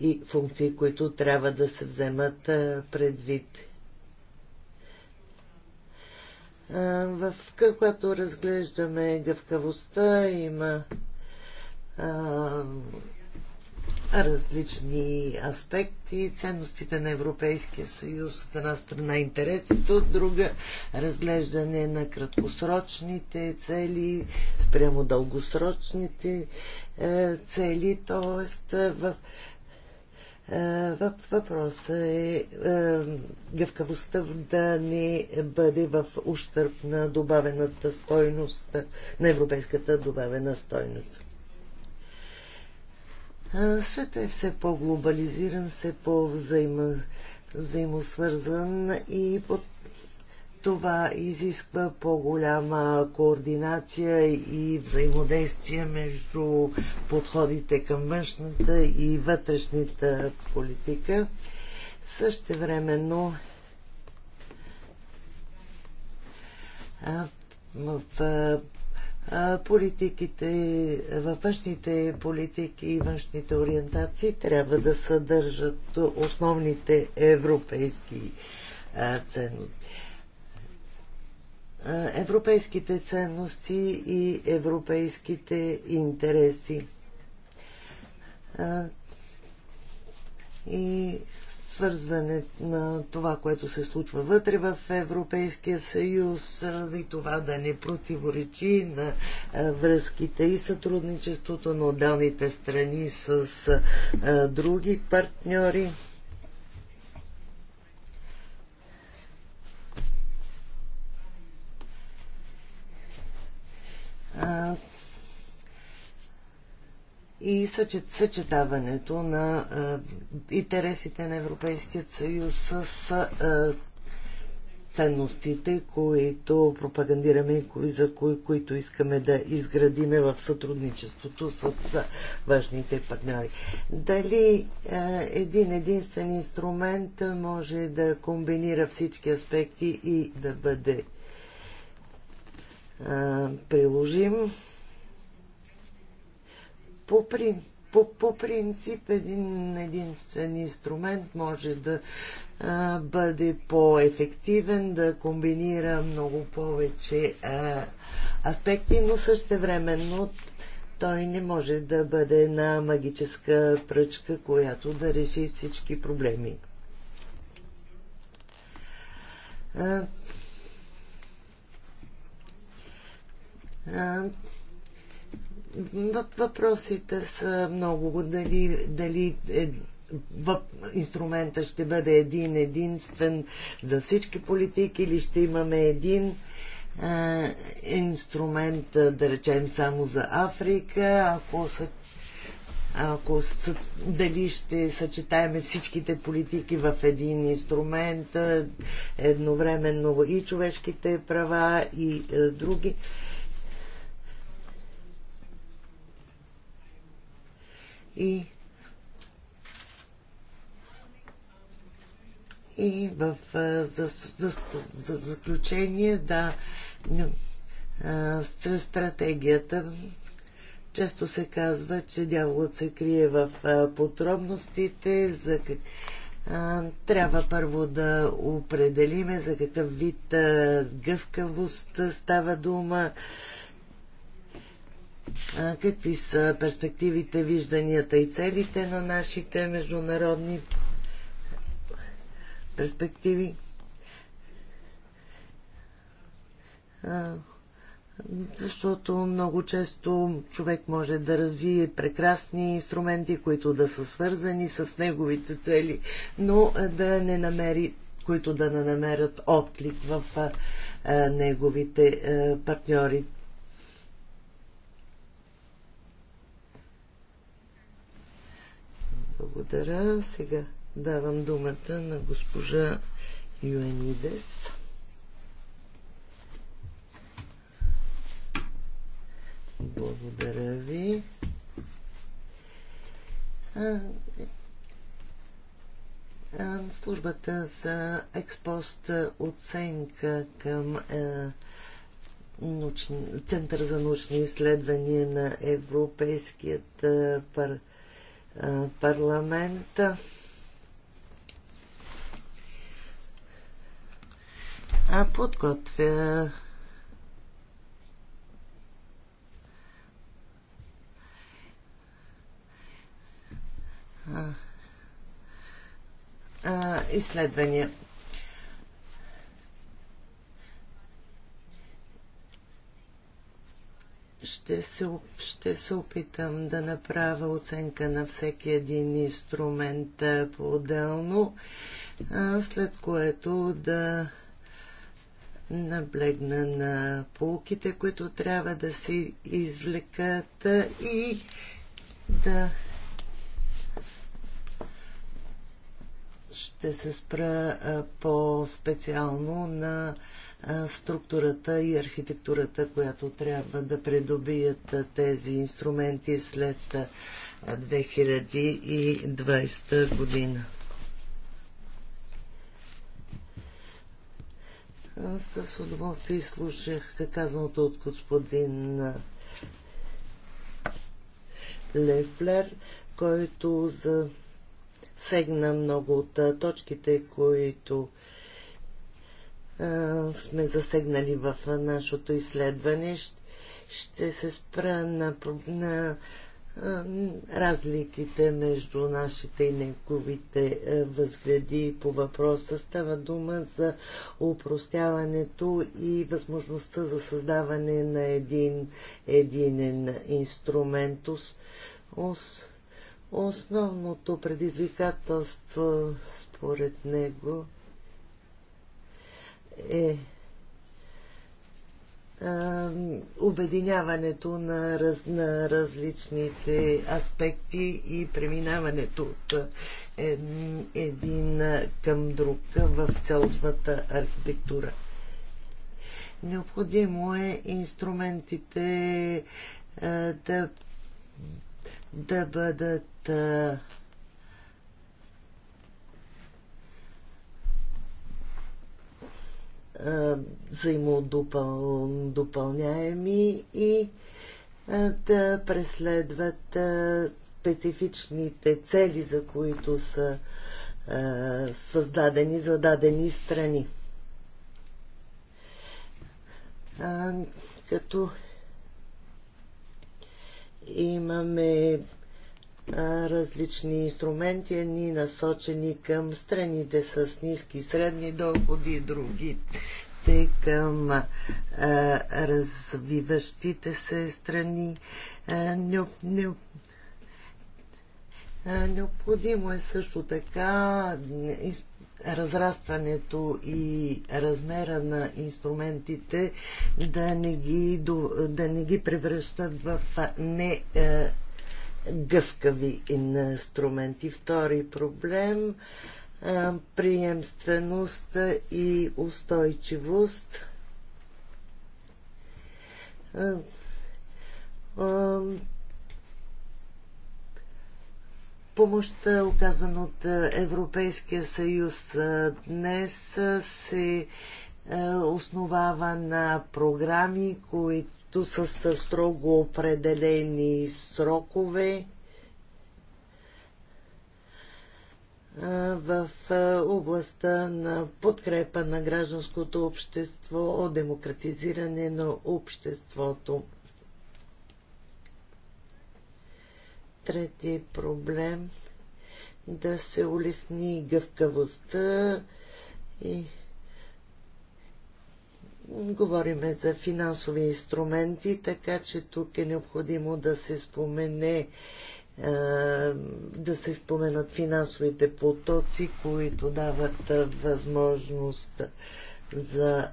и функции, които трябва да се вземат е, предвид. Е, в когато разглеждаме гъвкавостта, има различни аспекти, ценностите на Европейския съюз от една страна, интересите от друга, разглеждане на краткосрочните цели спрямо дългосрочните е, цели, т.е. Е, в Въпросът е, е гъвкавостта да не бъде в ущърп на добавената стойност, на европейската добавена стойност. Светът е все по-глобализиран, все по взаимосвързан и под това изисква по-голяма координация и взаимодействие между подходите към външната и вътрешната политика. Същевременно в политиките, във външните политики и външните ориентации трябва да съдържат основните европейски ценности. Европейските ценности и европейските интереси. И свързване на това, което се случва вътре в Европейския съюз и това да не противоречи на връзките и сътрудничеството на отделните страни с други партньори и съчетаването на интересите на Европейския съюз с ценностите, които пропагандираме и за кои, които искаме да изградиме в сътрудничеството с важните партньори. Дали е, един единствен инструмент може да комбинира всички аспекти и да бъде е, приложим? по, прин, по, по принцип един единствен инструмент може да а, бъде по-ефективен, да комбинира много повече а, аспекти, но същевременно той не може да бъде една магическа пръчка, която да реши всички проблеми. А, Въпросите са много. Дали, дали е, въп, инструмента ще бъде един единствен за всички политики или ще имаме един е, инструмент, да речем, само за Африка, ако са ако дали ще съчетаеме всичките политики в един инструмент, едновременно и човешките права и е, други. Е, и и в за, за, за заключение да стратегията често се казва, че дяволът се крие в подробностите за трябва първо да определиме за какъв вид гъвкавост става дума, какви са перспективите, вижданията и целите на нашите международни перспективи. Защото много често човек може да развие прекрасни инструменти, които да са свързани с неговите цели, но да не намери, които да не намерят отклик в неговите партньори. Благодаря. Сега давам думата на госпожа Юанидес. Благодаря ви. службата за експост оценка към научни, Център за научни изследвания на Европейският парламент парламента. А подготвя изследвания ще се, ще се опитам да направя оценка на всеки един инструмент по-отделно, след което да наблегна на полуките, които трябва да се извлекат и да ще се спра по-специално на структурата и архитектурата, която трябва да предобият тези инструменти след 2020 година. С удоволствие слушах казаното от господин Лефлер, който засегна много от точките, които сме засегнали в нашето изследване. Ще се спра на, на разликите между нашите и неговите възгледи по въпроса. Става дума за упростяването и възможността за създаване на един единен инструмент. Основното предизвикателство според него е обединяването на, раз, на различните аспекти и преминаването от един към друг в цялостната архитектура. Необходимо е инструментите е, да, да бъдат взаимодопълняеми и да преследват специфичните цели, за които са създадени за дадени страни. като имаме различни инструменти, едни насочени към страните с ниски и средни доходи, други те към а, развиващите се страни. А, не, не, а, необходимо е също така разрастването и размера на инструментите да не ги, да не ги превръщат в не гъвкави инструменти. Втори проблем приемственост и устойчивост. Помощта, оказана от Европейския съюз днес, се основава на програми, които също с строго определени срокове в областта на подкрепа на гражданското общество, демократизиране на обществото. Трети проблем да се улесни гъвкавостта и Говориме за финансови инструменти, така че тук е необходимо да се спомене е, да се споменат финансовите потоци, които дават е, възможност за е,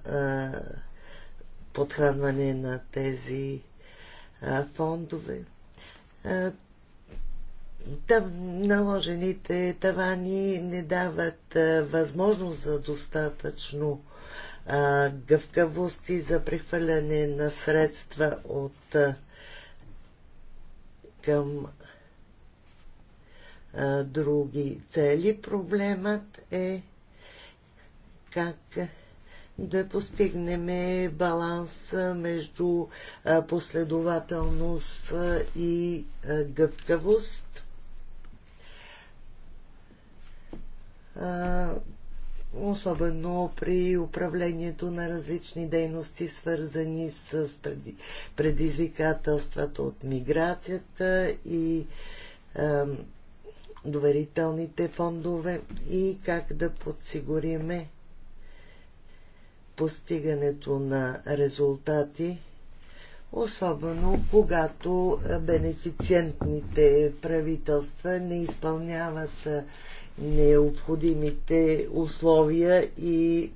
подхранване на тези фондове. Там наложените тавани не дават възможност за достатъчно гъвкавост и за прехвърляне на средства от към други цели. Проблемът е как да постигнем баланс между последователност и гъвкавост особено при управлението на различни дейности, свързани с предизвикателствата от миграцията и доверителните фондове и как да подсигуриме постигането на резултати, особено когато бенефициентните правителства не изпълняват необходимите условия и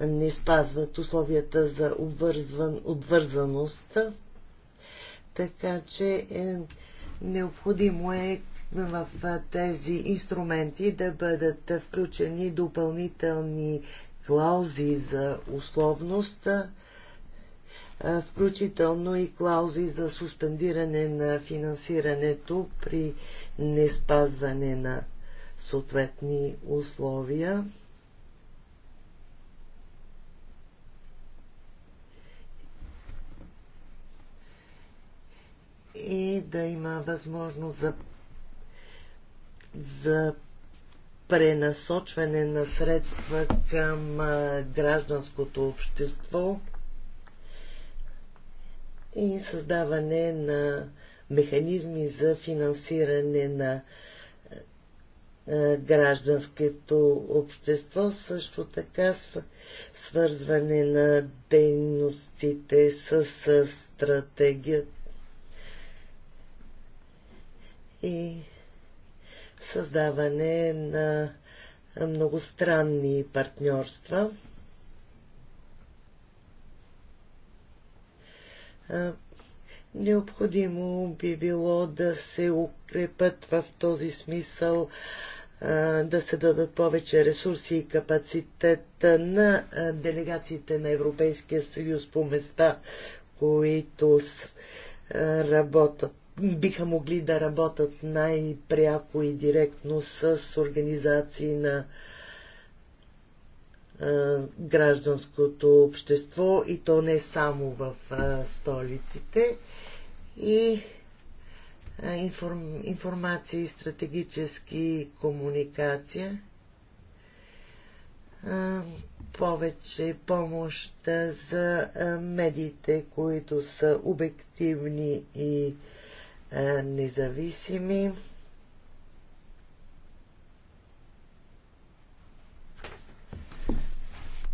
е, не спазват условията за обвързван, обвързаност. Така че е, необходимо е в тези инструменти да бъдат включени допълнителни клаузи за условност, е, включително и клаузи за суспендиране на финансирането при не спазване на съответни условия. И да има възможност за, за пренасочване на средства към гражданското общество и създаване на механизми за финансиране на е, е, гражданското общество, също така свързване на дейностите с е, стратегията и създаване на многостранни партньорства. Необходимо би било да се укрепят в този смисъл, да се дадат повече ресурси и капацитет на делегациите на Европейския съюз по места, които работят биха могли да работят най-пряко и директно с организации на гражданското общество и то не само в столиците и информ, информация и стратегически комуникация, повече помощ за медиите, които са обективни и независими.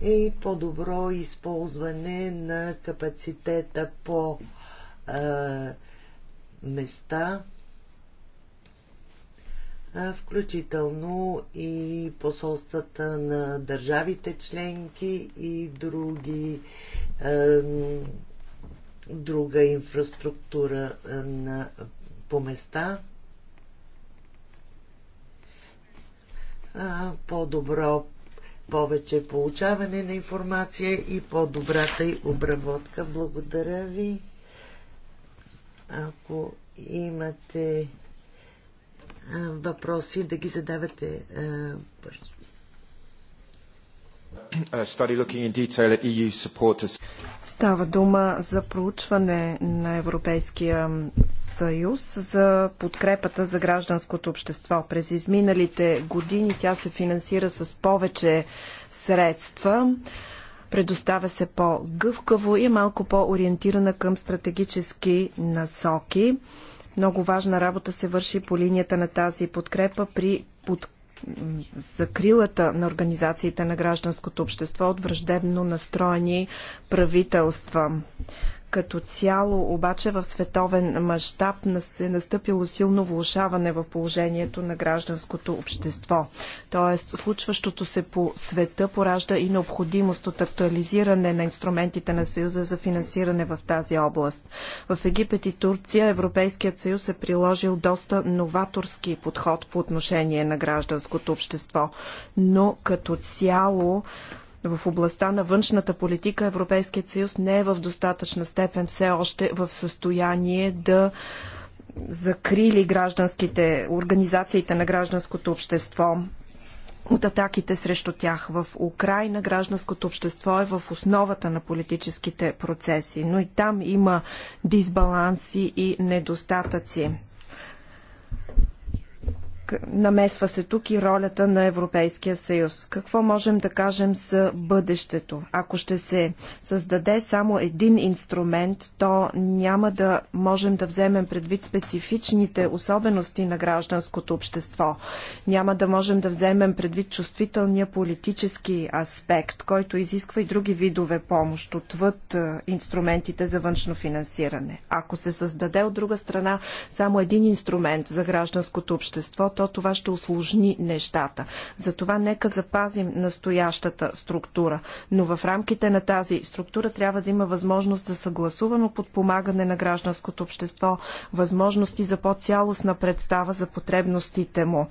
и по-добро използване на капацитета по места, включително и посолствата на държавите членки и други друга инфраструктура на, по места. По-добро повече получаване на информация и по-добрата и обработка. Благодаря ви. Ако имате въпроси, да ги задавате бързо. Uh, e Става дума за проучване на Европейския съюз за подкрепата за гражданското общество. През изминалите години тя се финансира с повече средства предоставя се по-гъвкаво и е малко по-ориентирана към стратегически насоки. Много важна работа се върши по линията на тази подкрепа при под... закрилата на организациите на гражданското общество от враждебно настроени правителства. Като цяло обаче в световен мащаб се настъпило силно влушаване в положението на гражданското общество. Тоест, случващото се по света поражда и необходимост от актуализиране на инструментите на Съюза за финансиране в тази област. В Египет и Турция Европейският съюз е приложил доста новаторски подход по отношение на гражданското общество, но като цяло но в областта на външната политика Европейският съюз не е в достатъчна степен все още в състояние да закрили гражданските, организациите на гражданското общество от атаките срещу тях. В Украина гражданското общество е в основата на политическите процеси, но и там има дисбаланси и недостатъци намесва се тук и ролята на Европейския съюз. Какво можем да кажем за бъдещето? Ако ще се създаде само един инструмент, то няма да можем да вземем предвид специфичните особености на гражданското общество. Няма да можем да вземем предвид чувствителния политически аспект, който изисква и други видове помощ отвъд е, инструментите за външно финансиране. Ако се създаде от друга страна само един инструмент за гражданското общество, то това ще усложни нещата. Затова нека запазим настоящата структура. Но в рамките на тази структура трябва да има възможност за съгласувано подпомагане на гражданското общество, възможности за по-цялостна представа за потребностите му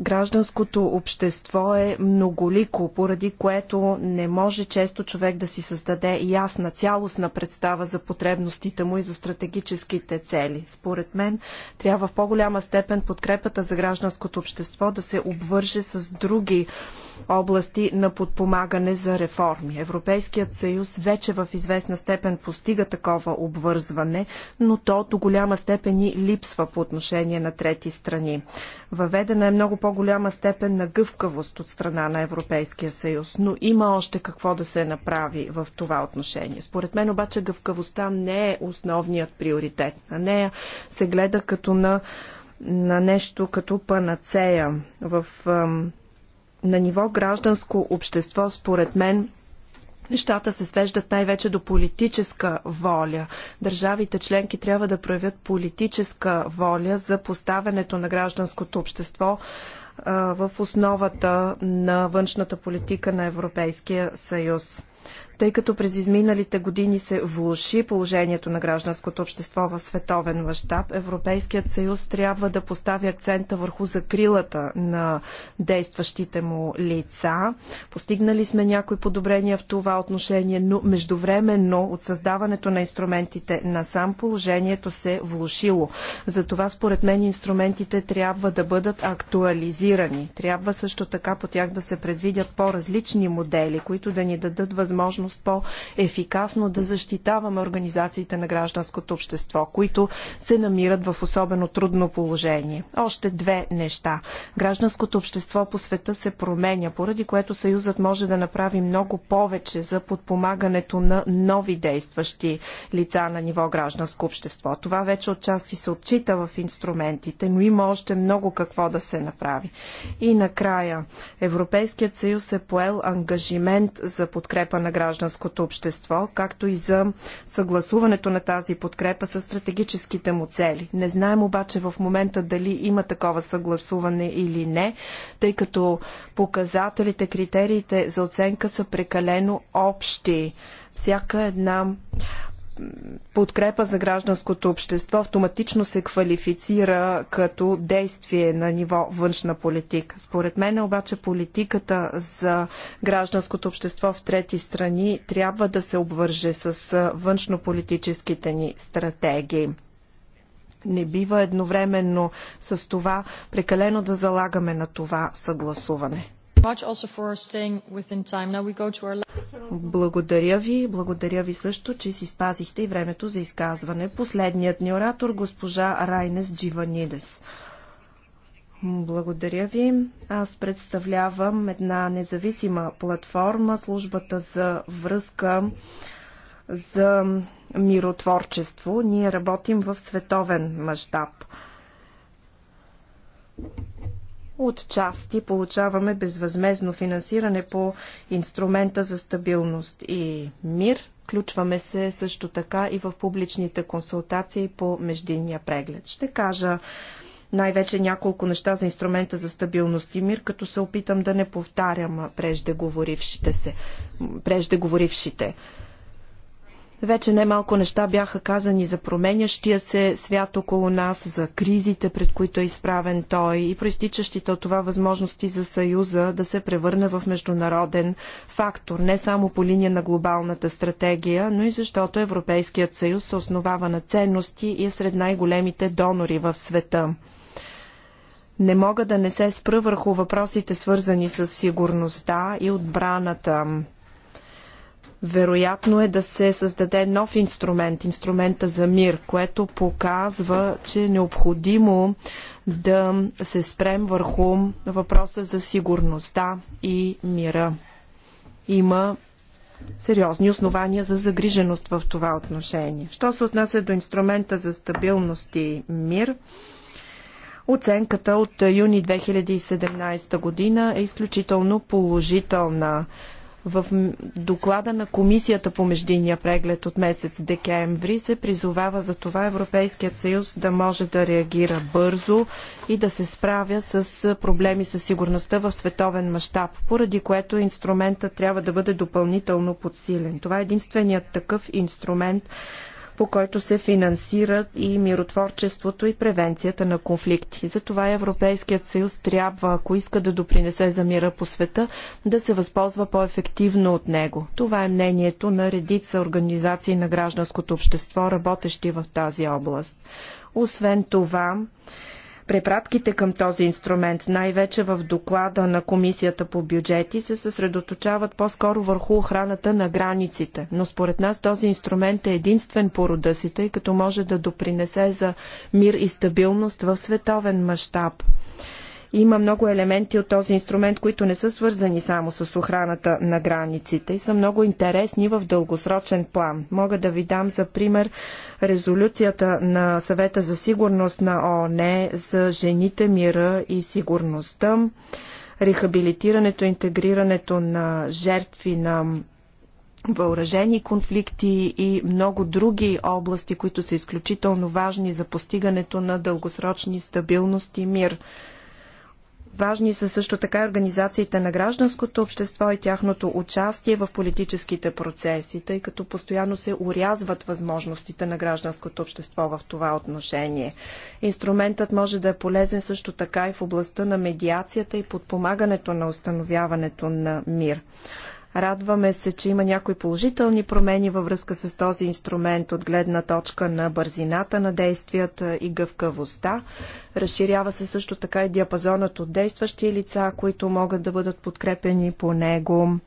гражданското общество е многолико, поради което не може често човек да си създаде ясна, цялостна представа за потребностите му и за стратегическите цели. Според мен, трябва в по-голяма степен подкрепата за гражданското общество да се обвърже с други области на подпомагане за реформи. Европейският съюз вече в известна степен постига такова обвързване, но то до голяма степен и липсва по отношение на трети страни. Въведена е много по-голяма степен на гъвкавост от страна на Европейския съюз, но има още какво да се направи в това отношение. Според мен обаче гъвкавостта не е основният приоритет. На нея се гледа като на на нещо като панацея в ам, на ниво гражданско общество, според мен, Нещата се свеждат най-вече до политическа воля. Държавите членки трябва да проявят политическа воля за поставянето на гражданското общество а, в основата на външната политика на Европейския съюз. Тъй като през изминалите години се влуши положението на гражданското общество в световен мащаб, Европейският съюз трябва да постави акцента върху закрилата на действащите му лица. Постигнали сме някои подобрения в това отношение, но междувременно от създаването на инструментите на сам положението се влушило. Затова според мен инструментите трябва да бъдат актуализирани. Трябва също така по тях да се предвидят по-различни модели, които да ни дадат възможност възможност по-ефикасно да защитаваме организациите на гражданското общество, които се намират в особено трудно положение. Още две неща. Гражданското общество по света се променя, поради което Съюзът може да направи много повече за подпомагането на нови действащи лица на ниво гражданско общество. Това вече отчасти се отчита в инструментите, но има още много какво да се направи. И накрая, Европейският съюз е поел ангажимент за подкрепа на гражданското общество, както и за съгласуването на тази подкрепа с стратегическите му цели. Не знаем обаче в момента дали има такова съгласуване или не, тъй като показателите, критериите за оценка са прекалено общи. Всяка една подкрепа за гражданското общество автоматично се квалифицира като действие на ниво външна политика. Според мен обаче политиката за гражданското общество в трети страни трябва да се обвърже с външнополитическите ни стратегии. Не бива едновременно с това прекалено да залагаме на това съгласуване. Благодаря ви, благодаря ви също, че си спазихте и времето за изказване. Последният ни оратор, госпожа Райнес Дживанидес. Благодаря ви. Аз представлявам една независима платформа, службата за връзка за миротворчество. Ние работим в световен мащаб. От части получаваме безвъзмезно финансиране по инструмента за стабилност и мир. Включваме се също така и в публичните консултации по междинния преглед. Ще кажа най-вече няколко неща за инструмента за стабилност и мир, като се опитам да не повтарям преждеговорившите се. Преждеговорившите. Вече немалко неща бяха казани за променящия се свят около нас, за кризите, пред които е изправен той и проистичащите от това възможности за Съюза да се превърне в международен фактор, не само по линия на глобалната стратегия, но и защото Европейският съюз се основава на ценности и е сред най-големите донори в света. Не мога да не се спра върху въпросите свързани с сигурността и отбраната вероятно е да се създаде нов инструмент, инструмента за мир, което показва, че е необходимо да се спрем върху въпроса за сигурността и мира. Има сериозни основания за загриженост в това отношение. Що се отнася до инструмента за стабилност и мир, оценката от юни 2017 година е изключително положителна. В доклада на Комисията по междинния преглед от месец декември се призовава за това Европейският съюз да може да реагира бързо и да се справя с проблеми със сигурността в световен мащаб, поради което инструментът трябва да бъде допълнително подсилен. Това е единственият такъв инструмент, по който се финансират и миротворчеството и превенцията на конфликти. Затова Европейският съюз трябва, ако иска да допринесе за мира по света, да се възползва по-ефективно от него. Това е мнението на редица организации на гражданското общество, работещи в тази област. Освен това, препратките към този инструмент, най-вече в доклада на Комисията по бюджети, се съсредоточават по-скоро върху охраната на границите. Но според нас този инструмент е единствен по рода си, тъй като може да допринесе за мир и стабилност в световен мащаб. Има много елементи от този инструмент, които не са свързани само с охраната на границите и са много интересни в дългосрочен план. Мога да ви дам за пример резолюцията на съвета за сигурност на ООН за жените, мира и сигурността рехабилитирането, интегрирането на жертви на въоръжени конфликти и много други области, които са изключително важни за постигането на дългосрочни стабилност и мир. Важни са също така организациите на гражданското общество и тяхното участие в политическите процеси, тъй като постоянно се урязват възможностите на гражданското общество в това отношение. Инструментът може да е полезен също така и в областта на медиацията и подпомагането на установяването на мир. Радваме се, че има някои положителни промени във връзка с този инструмент от гледна точка на бързината на действията и гъвкавостта. Разширява се също така и диапазонът от действащи лица, които могат да бъдат подкрепени по него.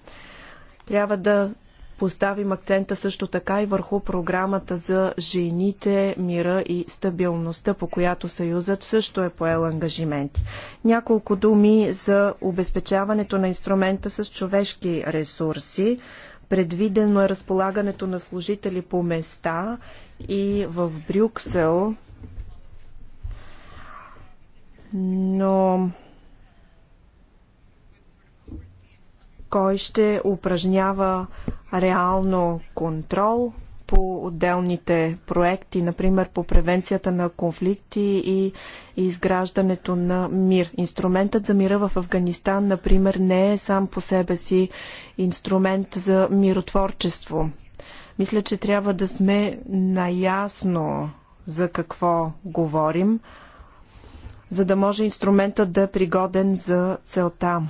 Трябва да поставим акцента също така и върху програмата за жените, мира и стабилността, по която Съюзът също е поел ангажименти. Няколко думи за обезпечаването на инструмента с човешки ресурси. Предвидено е разполагането на служители по места и в Брюксел, но Кой ще упражнява реално контрол по отделните проекти, например по превенцията на конфликти и изграждането на мир. Инструментът за мира в Афганистан, например, не е сам по себе си инструмент за миротворчество. Мисля, че трябва да сме наясно за какво говорим, за да може инструментът да е пригоден за целта.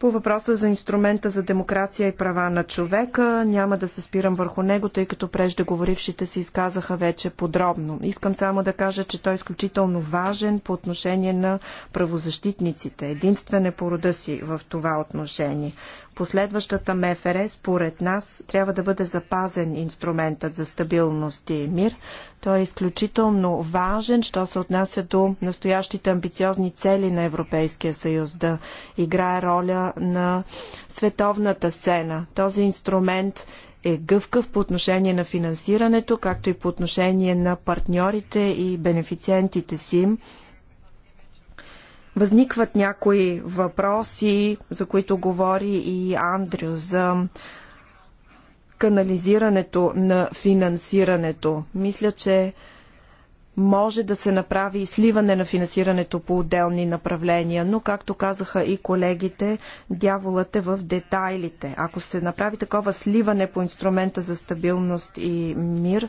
По въпроса за инструмента за демокрация и права на човека, няма да се спирам върху него, тъй като преждеговорившите се изказаха вече подробно. Искам само да кажа, че той е изключително важен по отношение на правозащитниците. Единствен е по рода си в това отношение последващата МФР, според нас, трябва да бъде запазен инструментът за стабилност и мир. Той е изключително важен, що се отнася до настоящите амбициозни цели на Европейския съюз да играе роля на световната сцена. Този инструмент е гъвкав по отношение на финансирането, както и по отношение на партньорите и бенефициентите си Възникват някои въпроси, за които говори и Андрю, за канализирането на финансирането. Мисля, че може да се направи и сливане на финансирането по отделни направления, но както казаха и колегите, дяволът е в детайлите. Ако се направи такова сливане по инструмента за стабилност и мир,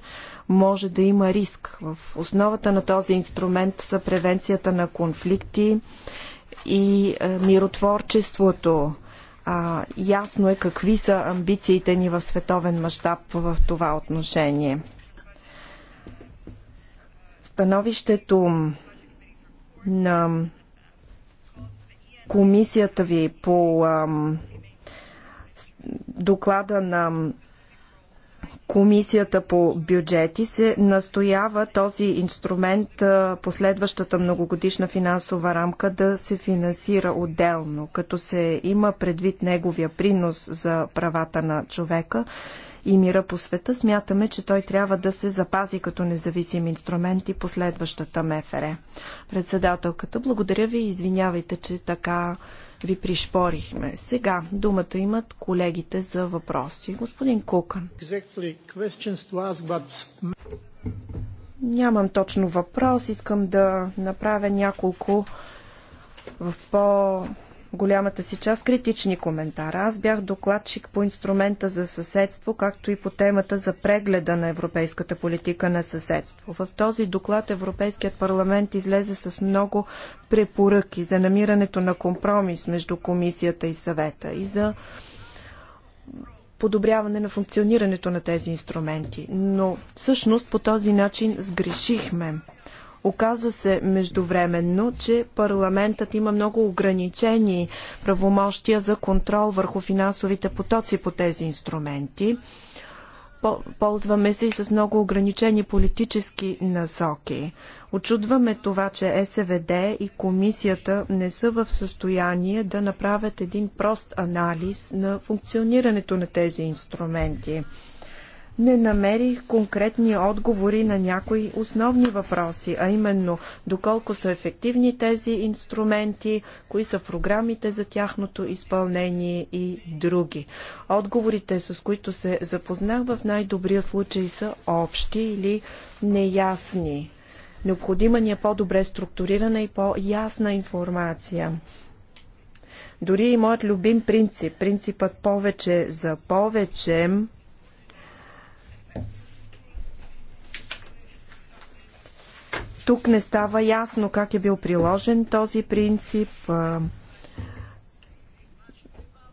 може да има риск. В основата на този инструмент са превенцията на конфликти и е, миротворчеството. А, ясно е какви са амбициите ни в световен мащаб в това отношение. Становището на комисията ви по ам, доклада на Комисията по бюджети се настоява този инструмент последващата многогодишна финансова рамка да се финансира отделно, като се има предвид неговия принос за правата на човека и мира по света, смятаме, че той трябва да се запази като независим инструмент и последващата МФР. Председателката, благодаря ви и извинявайте, че така ви пришпорихме. Сега думата имат колегите за въпроси. Господин Кукан. Нямам точно въпрос. Искам да направя няколко в по голямата си част критични коментара. Аз бях докладчик по инструмента за съседство, както и по темата за прегледа на европейската политика на съседство. В този доклад Европейският парламент излезе с много препоръки за намирането на компромис между комисията и съвета и за подобряване на функционирането на тези инструменти. Но всъщност по този начин сгрешихме. Оказва се междувременно, че парламентът има много ограничени правомощия за контрол върху финансовите потоци по тези инструменти. Ползваме се и с много ограничени политически насоки. Очудваме това, че СВД и комисията не са в състояние да направят един прост анализ на функционирането на тези инструменти не намерих конкретни отговори на някои основни въпроси, а именно доколко са ефективни тези инструменти, кои са програмите за тяхното изпълнение и други. Отговорите, с които се запознах в най-добрия случай са общи или неясни. Необходима ни е по-добре структурирана и по-ясна информация. Дори и моят любим принцип, принципът повече за повече, Тук не става ясно как е бил приложен този принцип,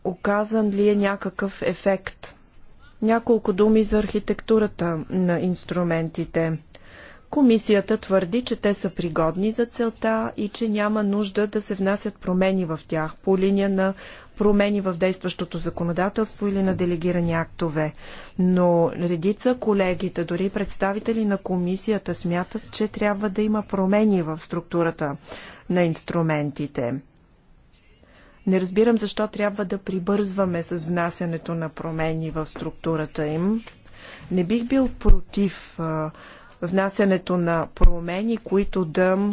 оказан ли е някакъв ефект. Няколко думи за архитектурата на инструментите. Комисията твърди, че те са пригодни за целта и че няма нужда да се внасят промени в тях по линия на промени в действащото законодателство или на делегирани актове. Но редица колегите, дори представители на комисията, смятат, че трябва да има промени в структурата на инструментите. Не разбирам защо трябва да прибързваме с внасянето на промени в структурата им. Не бих бил против внасянето на промени, които да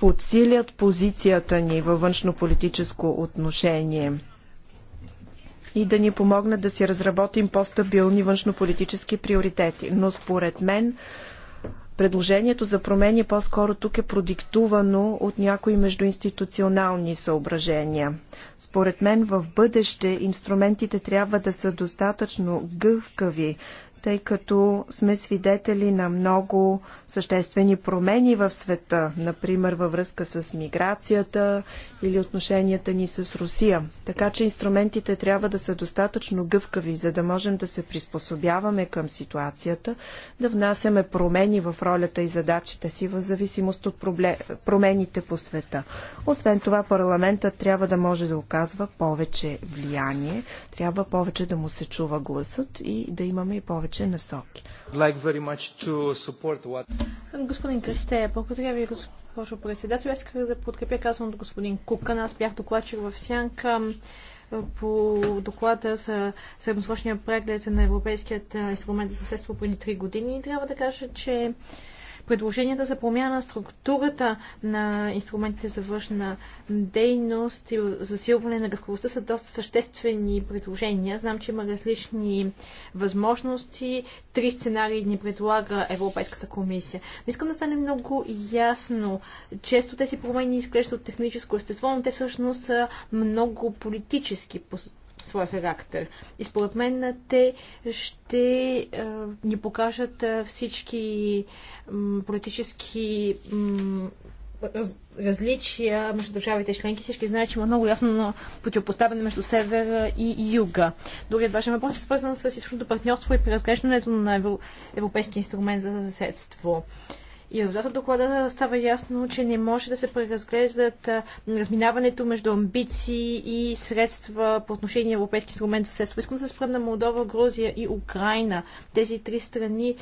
подсилят позицията ни във външно политическо отношение и да ни помогнат да си разработим по-стабилни външно-политически приоритети. Но според мен предложението за промени по-скоро тук е продиктувано от някои междуинституционални съображения. Според мен в бъдеще инструментите трябва да са достатъчно гъвкави, тъй като сме свидетели на много съществени промени в света, например във връзка с миграцията или отношенията ни с Русия. Така че инструментите трябва да са достатъчно гъвкави, за да можем да се приспособяваме към ситуацията, да внасяме промени в ролята и задачите си в зависимост от проблем... промените по света. Освен това, парламентът трябва да може да оказва повече влияние, трябва повече да му се чува гласът и да имаме и повече повече насоки. Господин Кристея, благодаря ви, госпожо председател. Аз исках да подкрепя казаното господин Кукан. Аз бях докладчик в Сянка по доклада за средносрочния преглед на Европейският инструмент за съседство преди 3 години. И трябва да кажа, че предложенията за промяна на структурата на инструментите за външна дейност и засилване на гъвкавостта са доста съществени предложения. Знам, че има различни възможности. Три сценарии ни предлага Европейската комисия. Но искам да стане много ясно. Често тези промени изглеждат от техническо естество, но те всъщност са много политически своя характер. И според мен те ще а, ни покажат а, всички м, политически м, раз, различия между държавите членки. Всички знаят, че има много ясно противопоставяне между севера и юга. Другият важен въпрос е свързан с източното партньорство и преразглеждането на Европейския инструмент за съседство. А, и от двата доклада става ясно, че не може да се преразглеждат разминаването между амбиции и средства по отношение на Европейски инструмент за средства. Искам да се спра на Молдова, Грузия и Украина. Тези три страни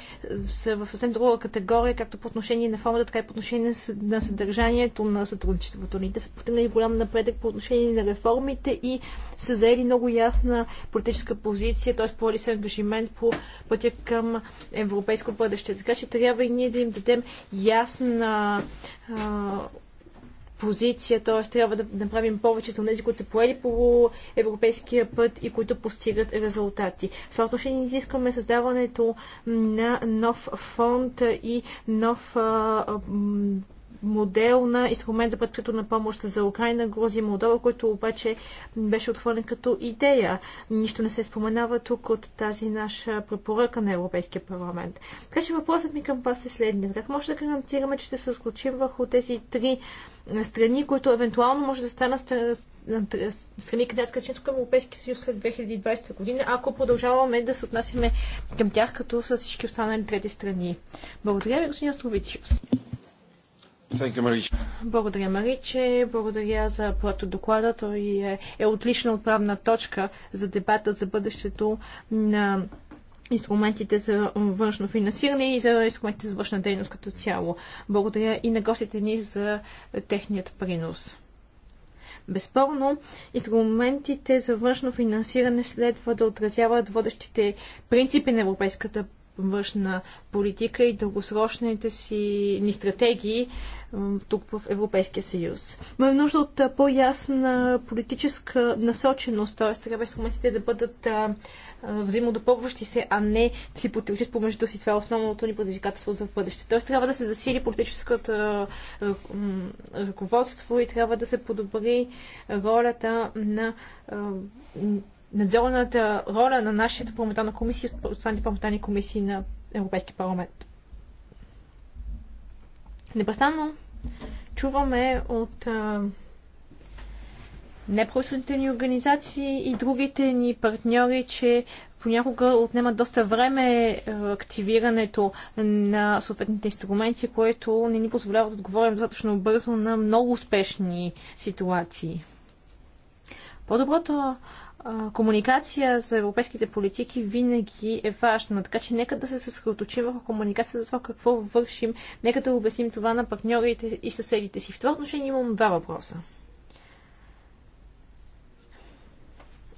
са в съвсем друга категория, както по отношение на формата, така и по отношение на съдържанието на сътрудничеството. те са постигнали голям напредък по отношение на реформите и са заели много ясна политическа позиция, т.е. поели се ангажимент по пътя към европейско бъдеще. Така че трябва и ние да им дадем ясна а, позиция, т.е. трябва да направим повече за тези, които са поели по европейския път и които постигат резултати. В това отношение изискваме създаването на нов фонд и нов а, модел на инструмент за на помощ за Украина, Грузия и Молдова, който обаче беше отхвърлен като идея. Нищо не се споменава тук от тази наша препоръка на Европейския парламент. Така че въпросът ми към вас е следният. Как може да гарантираме, че ще се случим върху тези три страни, които евентуално може да станат страни кандидатка членство към Европейския съюз след 2020 година, ако продължаваме да се отнасяме към тях като с всички останали трети страни. Благодаря ви, господин Астровичиус благодаря, Мариче. Благодаря за доклада. Той е, е отлична отправна точка за дебата за бъдещето на инструментите за външно финансиране и за инструментите за външна дейност като цяло. Благодаря и на гостите ни за техният принос. Безспорно, инструментите за външно финансиране следва да отразяват водещите принципи на европейската външна политика и дългосрочните си ни стратегии тук в Европейския съюз. Имаме нужда от по-ясна политическа насоченост, т.е. трябва инструментите да бъдат взаимодопълващи се, а не да си противоречат помежду си. Това е основното ни предизвикателство за бъдеще. Т.е. трябва да се засили политическото ръководство и трябва да се подобри ролята на надзорната роля на нашата парламентарна комисия и останалите парламентарни комисии на Европейски парламент. Непрестанно чуваме от неправителствени организации и другите ни партньори, че понякога отнема доста време активирането на съответните инструменти, което не ни позволява да отговорим достатъчно бързо на много успешни ситуации. По-доброто комуникация за европейските политики винаги е важна. Така че нека да се съсредоточим върху комуникация за това какво вършим. Нека да обясним това на партньорите и съседите си. В това отношение имам два въпроса.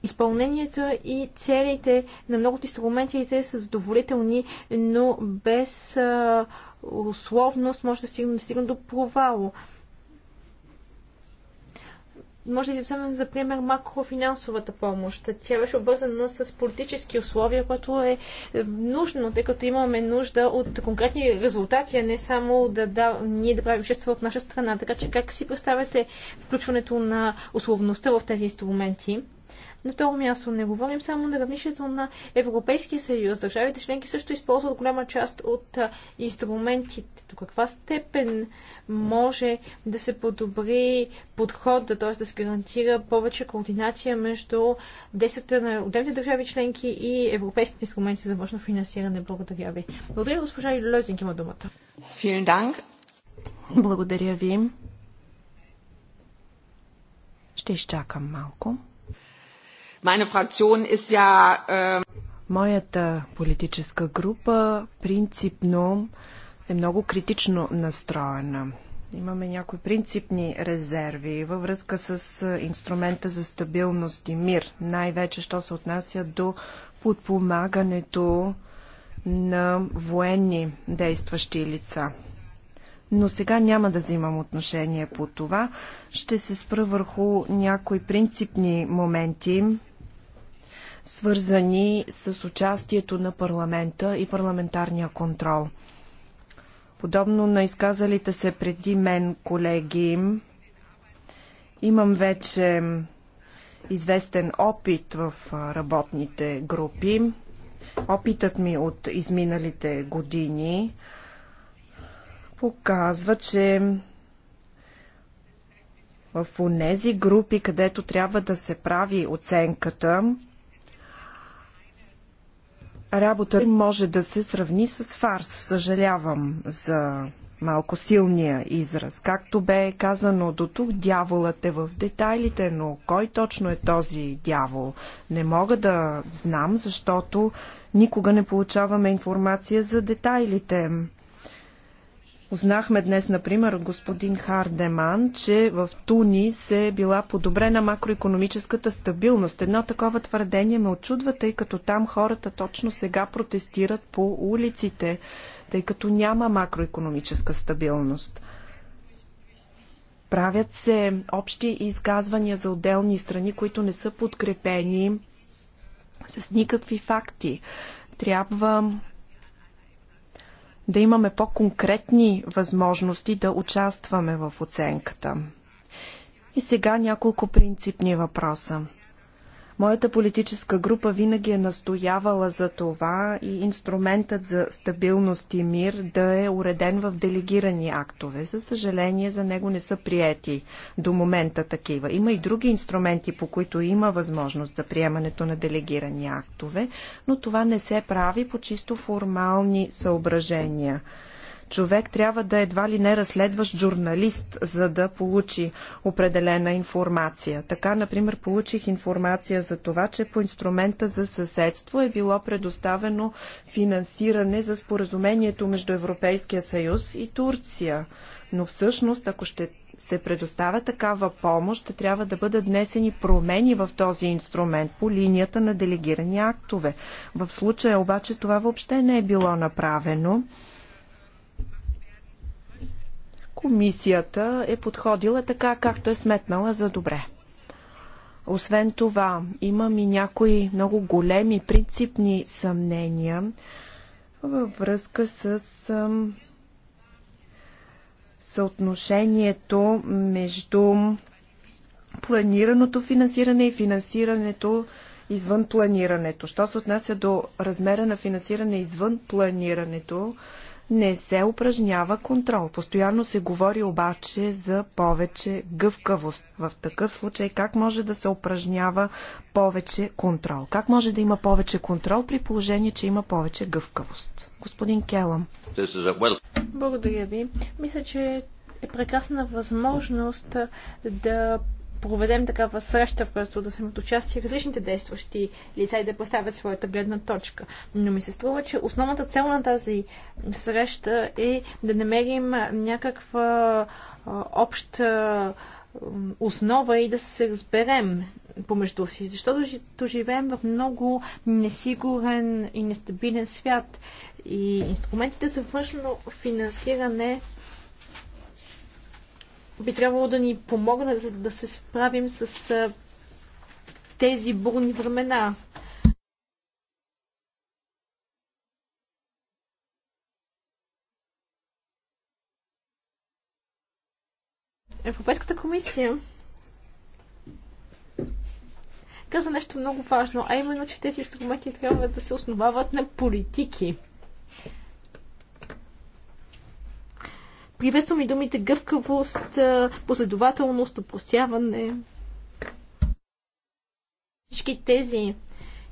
изпълнението и целите на много от инструментите са задоволителни, но без а, условност може да стигне, да стигне до провало може да вземем за пример макрофинансовата помощ. Тя беше обвързана с политически условия, което е нужно, тъй като имаме нужда от конкретни резултати, а не само да, да ние да правим чувства от наша страна. Така че как си представяте включването на условността в тези инструменти? На второ място не говорим само на равнището на Европейския съюз. Държавите членки също използват голяма част от инструментите. До каква степен може да се подобри подхода, т.е. да се гарантира повече координация между действията на отделните държави членки и европейските инструменти за външно финансиране. Благодаря ви. Благодаря, госпожа Лозинг има думата. Благодаря ви. Ще изчакам малко. Ähm, Моята политическа група принципно е много критично настроена. Имаме някои принципни резерви във връзка с инструмента за стабилност и мир, най-вече що се отнася до подпомагането на военни действащи лица. Но сега няма да взимам отношение по това. Ще се спра върху някои принципни моменти, свързани с участието на парламента и парламентарния контрол. Подобно на изказалите се преди мен колеги, имам вече известен опит в работните групи. Опитът ми от изминалите години показва, че в тези групи, където трябва да се прави оценката, работа може да се сравни с фарс. Съжалявам за малко силния израз. Както бе казано до тук, дяволът е в детайлите, но кой точно е този дявол? Не мога да знам, защото никога не получаваме информация за детайлите. Узнахме днес, например, от господин Хардеман, че в Тунис е била подобрена макроекономическата стабилност. Едно такова твърдение ме очудва, тъй като там хората точно сега протестират по улиците, тъй като няма макроекономическа стабилност. Правят се общи изказвания за отделни страни, които не са подкрепени с никакви факти. Трябва да имаме по-конкретни възможности да участваме в оценката. И сега няколко принципни въпроса. Моята политическа група винаги е настоявала за това и инструментът за стабилност и мир да е уреден в делегирани актове. За съжаление, за него не са приети до момента такива. Има и други инструменти, по които има възможност за приемането на делегирани актове, но това не се прави по чисто формални съображения човек трябва да едва ли не разследващ журналист, за да получи определена информация. Така, например, получих информация за това, че по инструмента за съседство е било предоставено финансиране за споразумението между Европейския съюз и Турция. Но всъщност, ако ще се предоставя такава помощ, ще трябва да бъдат внесени промени в този инструмент по линията на делегирани актове. В случая обаче това въобще не е било направено. Комисията е подходила така, както е сметнала за добре. Освен това, имам и някои много големи принципни съмнения във връзка с съотношението между планираното финансиране и финансирането извън планирането. Що се отнася до размера на финансиране извън планирането, не се упражнява контрол. Постоянно се говори обаче за повече гъвкавост. В такъв случай как може да се упражнява повече контрол? Как може да има повече контрол при положение, че има повече гъвкавост? Господин Келъм. Благодаря ви. Мисля, че е прекрасна възможност да проведем такава среща, в която да се участие различните действащи лица и да представят своята гледна точка. Но ми се струва, че основната цел на тази среща е да намерим някаква обща основа и да се разберем помежду си, защото живеем в много несигурен и нестабилен свят. И инструментите за външно финансиране би трябвало да ни помогне да, да се справим с а, тези бурни времена. Европейската комисия каза нещо много важно, а именно, че тези инструменти трябва да се основават на политики. Приветствам и думите гъвкавост, последователност, опростяване. Всички тези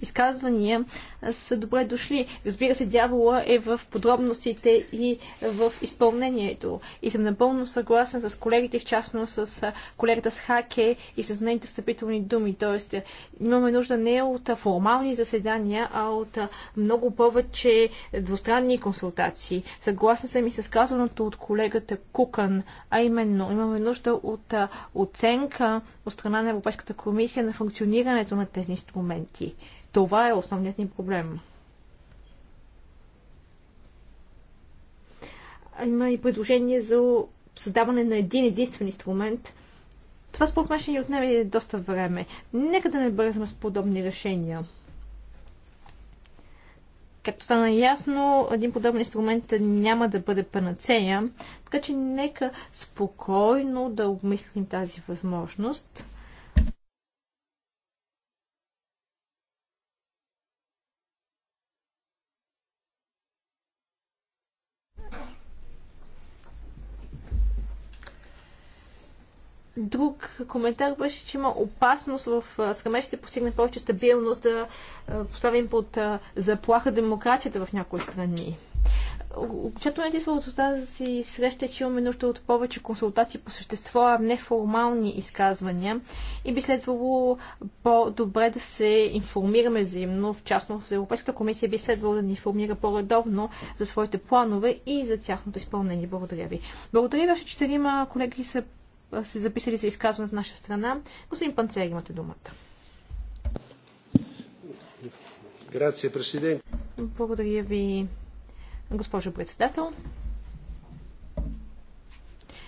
изказвания са добре дошли. Разбира се, дявола е в подробностите и в изпълнението. И съм напълно съгласен с колегите, в частно с колегата с Хаке и с нейните стъпителни думи. Тоест, имаме нужда не от формални заседания, а от много повече двустранни консултации. Съгласен съм и с казаното от колегата Кукан, а именно имаме нужда от оценка от страна на Европейската комисия на функционирането на тези инструменти. Това е основният ни проблем. Има и предложение за създаване на един единствен инструмент. Това според мен ще ни отнеме доста време. Нека да не бързаме с подобни решения. Както стана ясно, един подобен инструмент няма да бъде панацея, така че нека спокойно да обмислим тази възможност. друг коментар беше, че има опасност в стремежите да постигне повече стабилност да поставим под заплаха демокрацията в някои страни. Окончателният извод от тази среща че имаме нужда от повече консултации по същество, а не формални изказвания и би следвало по-добре да се информираме взаимно, в частност Европейската комисия би следвало да ни информира по-редовно за своите планове и за тяхното изпълнение. Благодаря ви. Благодаря ви, че четирима колеги са се записали за изказване от наша страна. Господин Панцер, имате думата. Грация, президент. Благодаря ви, госпожо председател.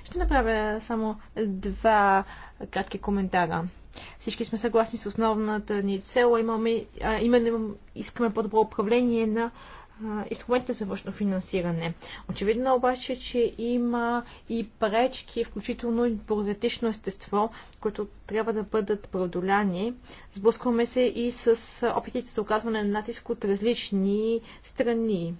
Ще направя само два кратки коментара. Всички сме съгласни с основната ни цел, имаме, а именно искаме по-добро управление на инструментите за външно финансиране. Очевидно е обаче, че има и пречки, включително и бюрократично естество, които трябва да бъдат преодоляни. Сблъскваме се и с опитите за оказване на натиск от различни страни.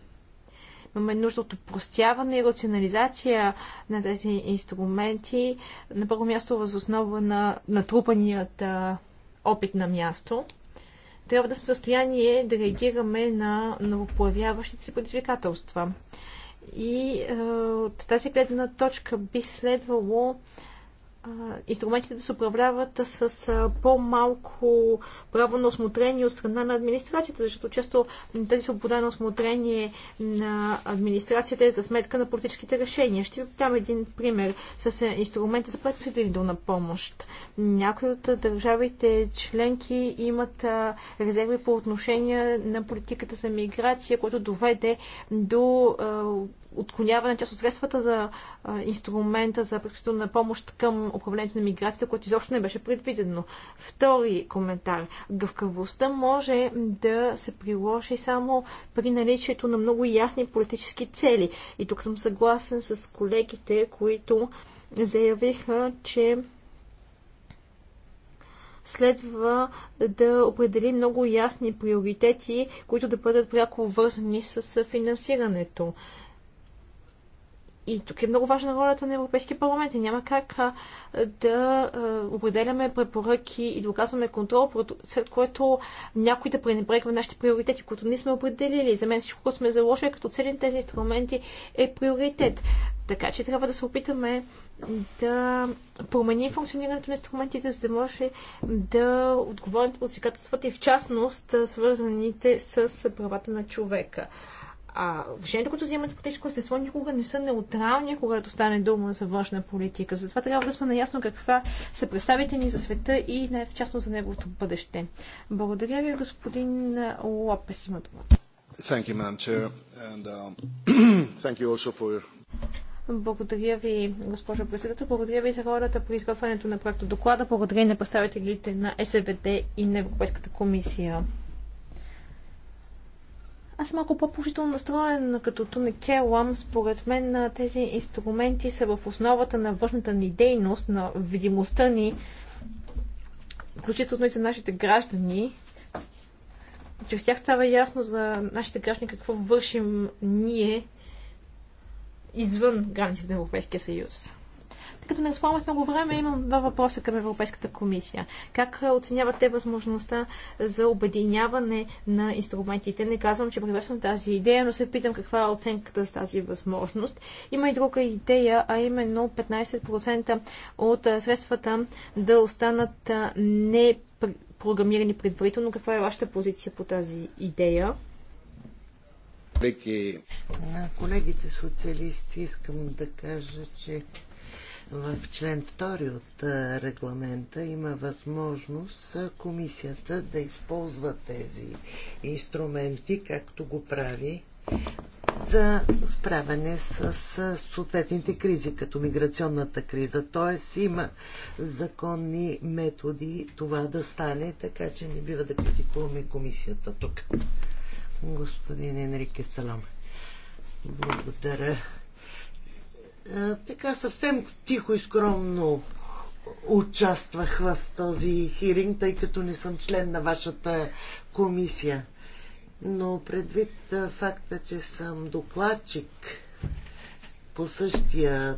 Имаме нужда от упростяване и рационализация на тези инструменти. На първо място възоснова на натрупаният опит на място – трябва да сме в състояние да реагираме на новопоявяващите се предизвикателства. И е, от тази гледна точка би следвало инструментите да се управляват с по-малко право на осмотрение от страна на администрацията, защото често тази свобода на осмотрение на администрацията е за сметка на политическите решения. Ще ви дам един пример с инструмента за предприсъединителна помощ. Някои от държавите членки имат резерви по отношение на политиката за миграция, което доведе до отклоняване част от средствата за а, инструмента за предпочитателна помощ към управлението на миграцията, което изобщо не беше предвидено. Втори коментар. Гъвкавостта може да се приложи само при наличието на много ясни политически цели. И тук съм съгласен с колегите, които заявиха, че следва да определи много ясни приоритети, които да бъдат пряко вързани с финансирането. И тук е много важна ролята на Европейския парламент. И няма как да определяме препоръки и да оказваме контрол, след което някой да пренебрегва нашите приоритети, които ние сме определили. За мен всичко, което сме заложили като цели на тези инструменти е приоритет. Така че трябва да се опитаме да променим функционирането на инструментите, за да може да отговорим на предизвикателствата и в частност свързаните с правата на човека а решението, които взимат политическо естество, никога не са неутрални, когато стане дума за външна политика. Затова трябва да сме наясно каква са представите ни за света и най в за неговото бъдеще. Благодаря ви, господин Лопес. Има думата. You, And, uh, [CLEARS THROAT] for... Благодаря ви, госпожа председател. Благодаря ви за хората при изготвянето на проекта доклада. Благодаря и на представителите на СВД и на Европейската комисия. Аз съм малко по-положително настроен като Туне Келам. Според мен тези инструменти са в основата на външната ни дейност, на видимостта ни, включително и за нашите граждани. Чрез тях става ясно за нашите граждани какво вършим ние извън границите на Европейския съюз като не разполагаме с много време, имам два въпроса към Европейската комисия. Как оценяват те възможността за обединяване на инструментите? Не казвам, че приветствам тази идея, но се питам каква е оценката за тази възможност. Има и друга идея, а именно 15% от средствата да останат не програмирани предварително. Каква е вашата позиция по тази идея? На колегите социалисти искам да кажа, че в член 2 от регламента има възможност комисията да използва тези инструменти, както го прави за справяне с съответните кризи, като миграционната криза. Т.е. има законни методи това да стане, така че не бива да критикуваме комисията тук. Господин Енрике Саломе, Благодаря. Е, така съвсем тихо и скромно участвах в този хиринг, тъй като не съм член на вашата комисия. Но предвид е, факта, че съм докладчик по същия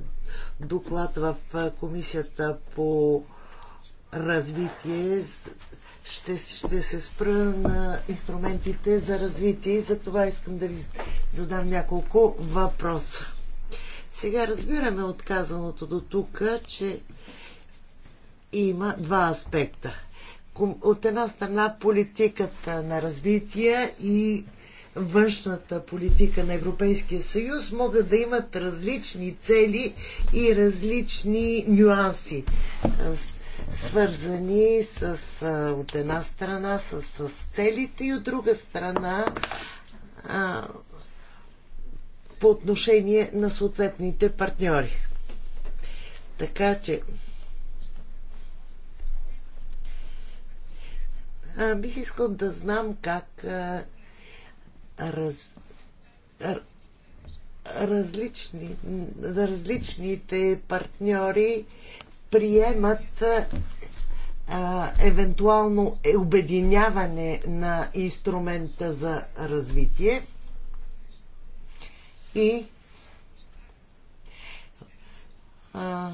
доклад в е, комисията по развитие, ще, ще се спра на инструментите за развитие и за това искам да ви задам няколко въпроса. Сега разбираме отказаното до тук, че има два аспекта. От една страна политиката на развитие и външната политика на Европейския съюз могат да имат различни цели и различни нюанси, свързани с, от една страна с, с целите и от друга страна по отношение на съответните партньори. Така че а, бих искал да знам как а, раз, а, различни, различните партньори приемат а, евентуално е обединяване на инструмента за развитие и а,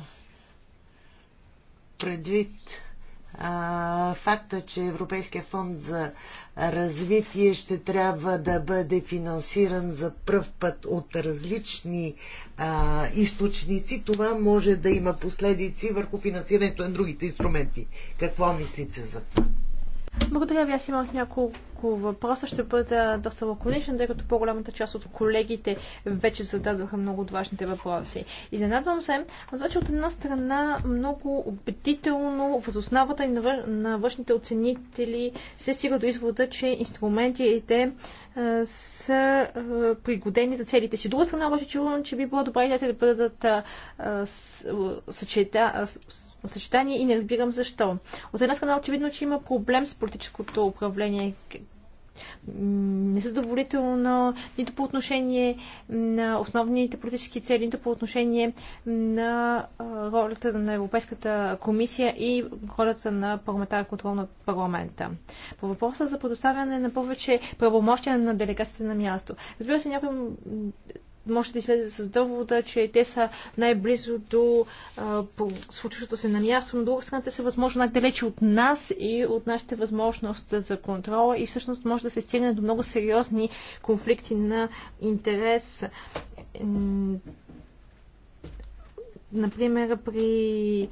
предвид а, факта, че Европейския фонд за развитие ще трябва да бъде финансиран за пръв път от различни а, източници, това може да има последици върху финансирането на другите инструменти. Какво мислите за това? Благодаря ви. Аз имах няколко няколко въпроса. Ще бъда доста лаконичен, тъй като по-голямата част от колегите вече зададоха много от важните въпроси. Изненадвам се, обаче от една страна много убедително възоснавата и на външните оценители се стига до извода, че инструментите са пригодени за целите си. Друга страна, обаче чувам, че би било добра идеята да бъдат съчетани и не разбирам защо. От една страна, очевидно, че има проблем с политическото управление незадоволително нито по отношение на основните политически цели, нито по отношение на ролята на Европейската комисия и ролята на парламентарен контрол на парламента. По въпроса за предоставяне на повече правомощия на делегацията на място. Разбира се, някои може да излезе с довода, че те са най-близо до случващото се на място, но друга страна те са възможно най-далече от нас и от нашите възможности за контрола и всъщност може да се стигне до много сериозни конфликти на интерес. Например, при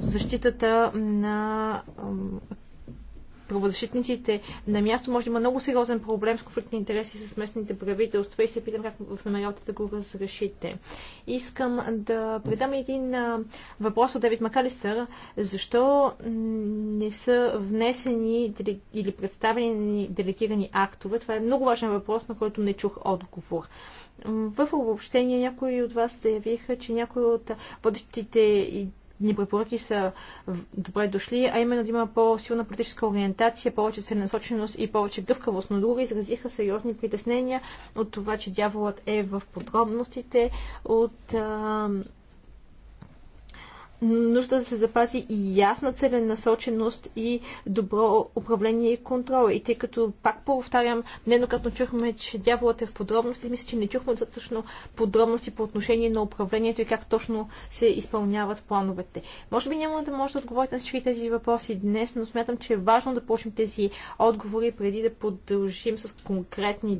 защитата на правозащитниците на място, може да има много сериозен проблем с конфликт на интереси с местните правителства и се питам как в намерявате да го разрешите. Искам да предам един въпрос от Давид Макалистър. Защо не са внесени или представени делегирани актове? Това е много важен въпрос, на който не чух отговор. В обобщение някои от вас заявиха, че някои от водещите ни препоръки са добре дошли, а именно да има по-силна политическа ориентация, повече целенасоченост и повече гъвкавост. Но други изразиха сериозни притеснения от това, че дяволът е в подробностите, от а, нужда да се запази и ясна целенасоченост и добро управление и контрол. И тъй като, пак повтарям, нееднократно чухме, че дяволът е в подробности, мисля, че не чухме достатъчно подробности по отношение на управлението и как точно се изпълняват плановете. Може би няма да може да отговорите на всички тези въпроси днес, но смятам, че е важно да получим тези отговори преди да продължим с конкретни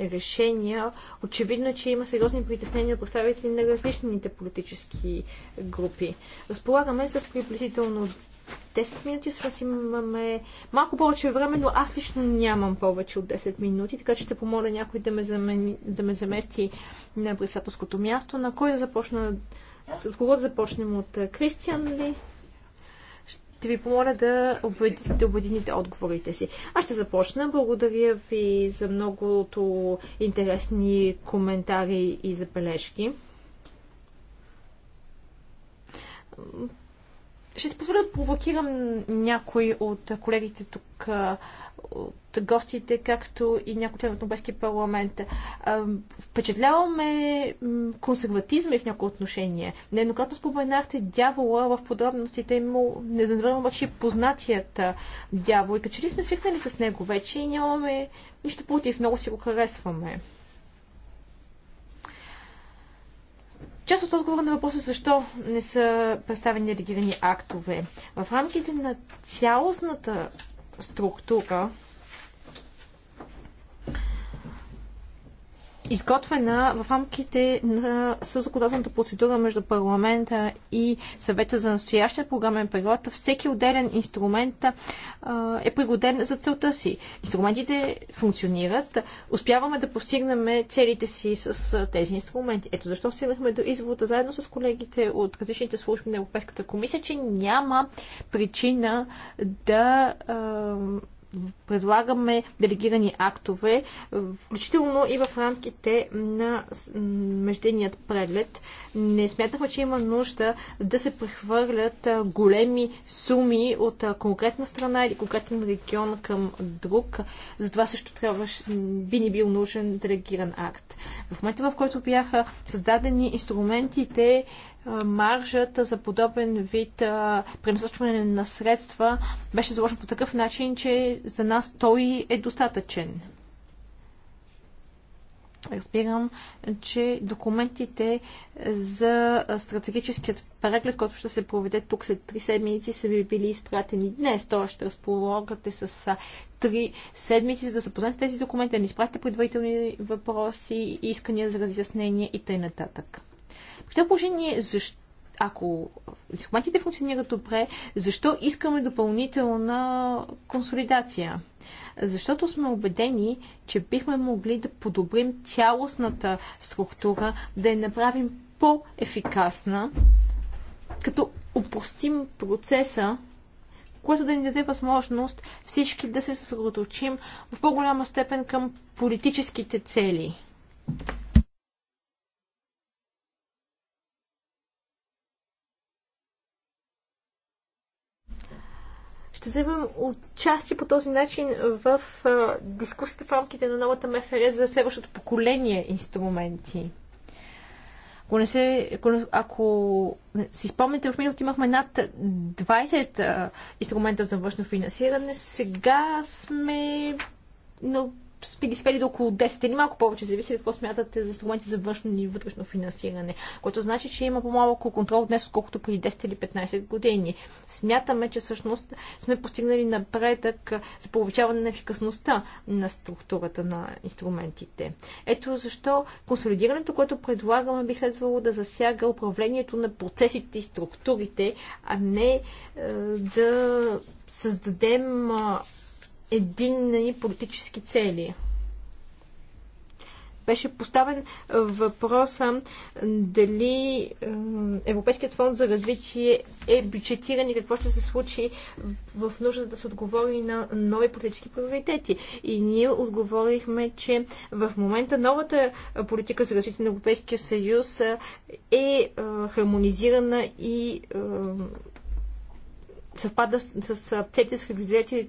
решения. Очевидно е, че има сериозни притеснения от представители на различните политически групи. Разполагаме с приблизително 10 минути, всъщност имаме малко повече време, но аз лично нямам повече от 10 минути, така че ще помоля някой да ме, замени, да ме замести на председателското място. На кой да започна? От кого да започнем? От Кристиан ли? ще ви помоля да, обедините, обедините отговорите си. Аз ще започна. Благодаря ви за многото интересни коментари и забележки. Ще се позволя да провокирам някой от колегите тук от гостите, както и някои членове от Европейския парламент. Впечатляваме консерватизма и в някои отношения. Нееднократно споменахте дявола в подробностите му, не забравям обаче познатият дявол. И като че ли сме свикнали с него вече и нямаме нищо против, много си го харесваме. Част от отговора на въпроса е защо не са представени делегирани актове. В рамките на цялостната структура изготвена в рамките на съзаконодателната процедура между парламента и съвета за настоящия програмен период, всеки отделен инструмент а, е пригоден за целта си. Инструментите функционират, успяваме да постигнем целите си с а, тези инструменти. Ето защо стигнахме до извода заедно с колегите от различните служби на Европейската комисия, че няма причина да а, предлагаме делегирани актове, включително и в рамките на междинният преглед. Не смятахме, че има нужда да се прехвърлят големи суми от конкретна страна или конкретен регион към друг. Затова също трябва, би ни бил нужен делегиран акт. В момента, в който бяха създадени инструментите Маржата за подобен вид пренасочване на средства беше заложен по такъв начин, че за нас той е достатъчен. Разбирам, че документите за стратегическият преглед, който ще се проведе тук след три седмици, са ви били изпратени днес. Тоест ще разполагате с три седмици, за да запознате тези документи, да ни изпратите предварителни въпроси, искания за разяснение и т.н. При това положение, защо ако инструментите функционират добре, защо искаме допълнителна консолидация? Защото сме убедени, че бихме могли да подобрим цялостната структура, да я направим по-ефикасна, като упростим процеса, което да ни даде възможност всички да се съсредоточим в по-голяма степен към политическите цели. ще вземем участие по този начин в дискусията в рамките на новата МФР за следващото поколение инструменти. Ако не се, ако, ако си спомните, в миналото имахме над 20 а, инструмента за външно финансиране. Сега сме на би ги свели до около 10 или малко повече, зависи какво смятате за инструменти за външно и вътрешно финансиране, което значи, че има по-малко контрол днес, отколкото преди 10 или 15 години. Смятаме, че всъщност сме постигнали напредък за повечаване на ефикасността на структурата на инструментите. Ето защо консолидирането, което предлагаме, би следвало да засяга управлението на процесите и структурите, а не е, да създадем е, единни политически цели. Беше поставен въпроса дали е, Европейският фонд за развитие е бюджетиран и какво ще се случи в нужда да се отговори на нови политически приоритети. И ние отговорихме, че в момента новата политика за развитие на Европейския съюз е, е хармонизирана и е, съвпада с целите с приоритетите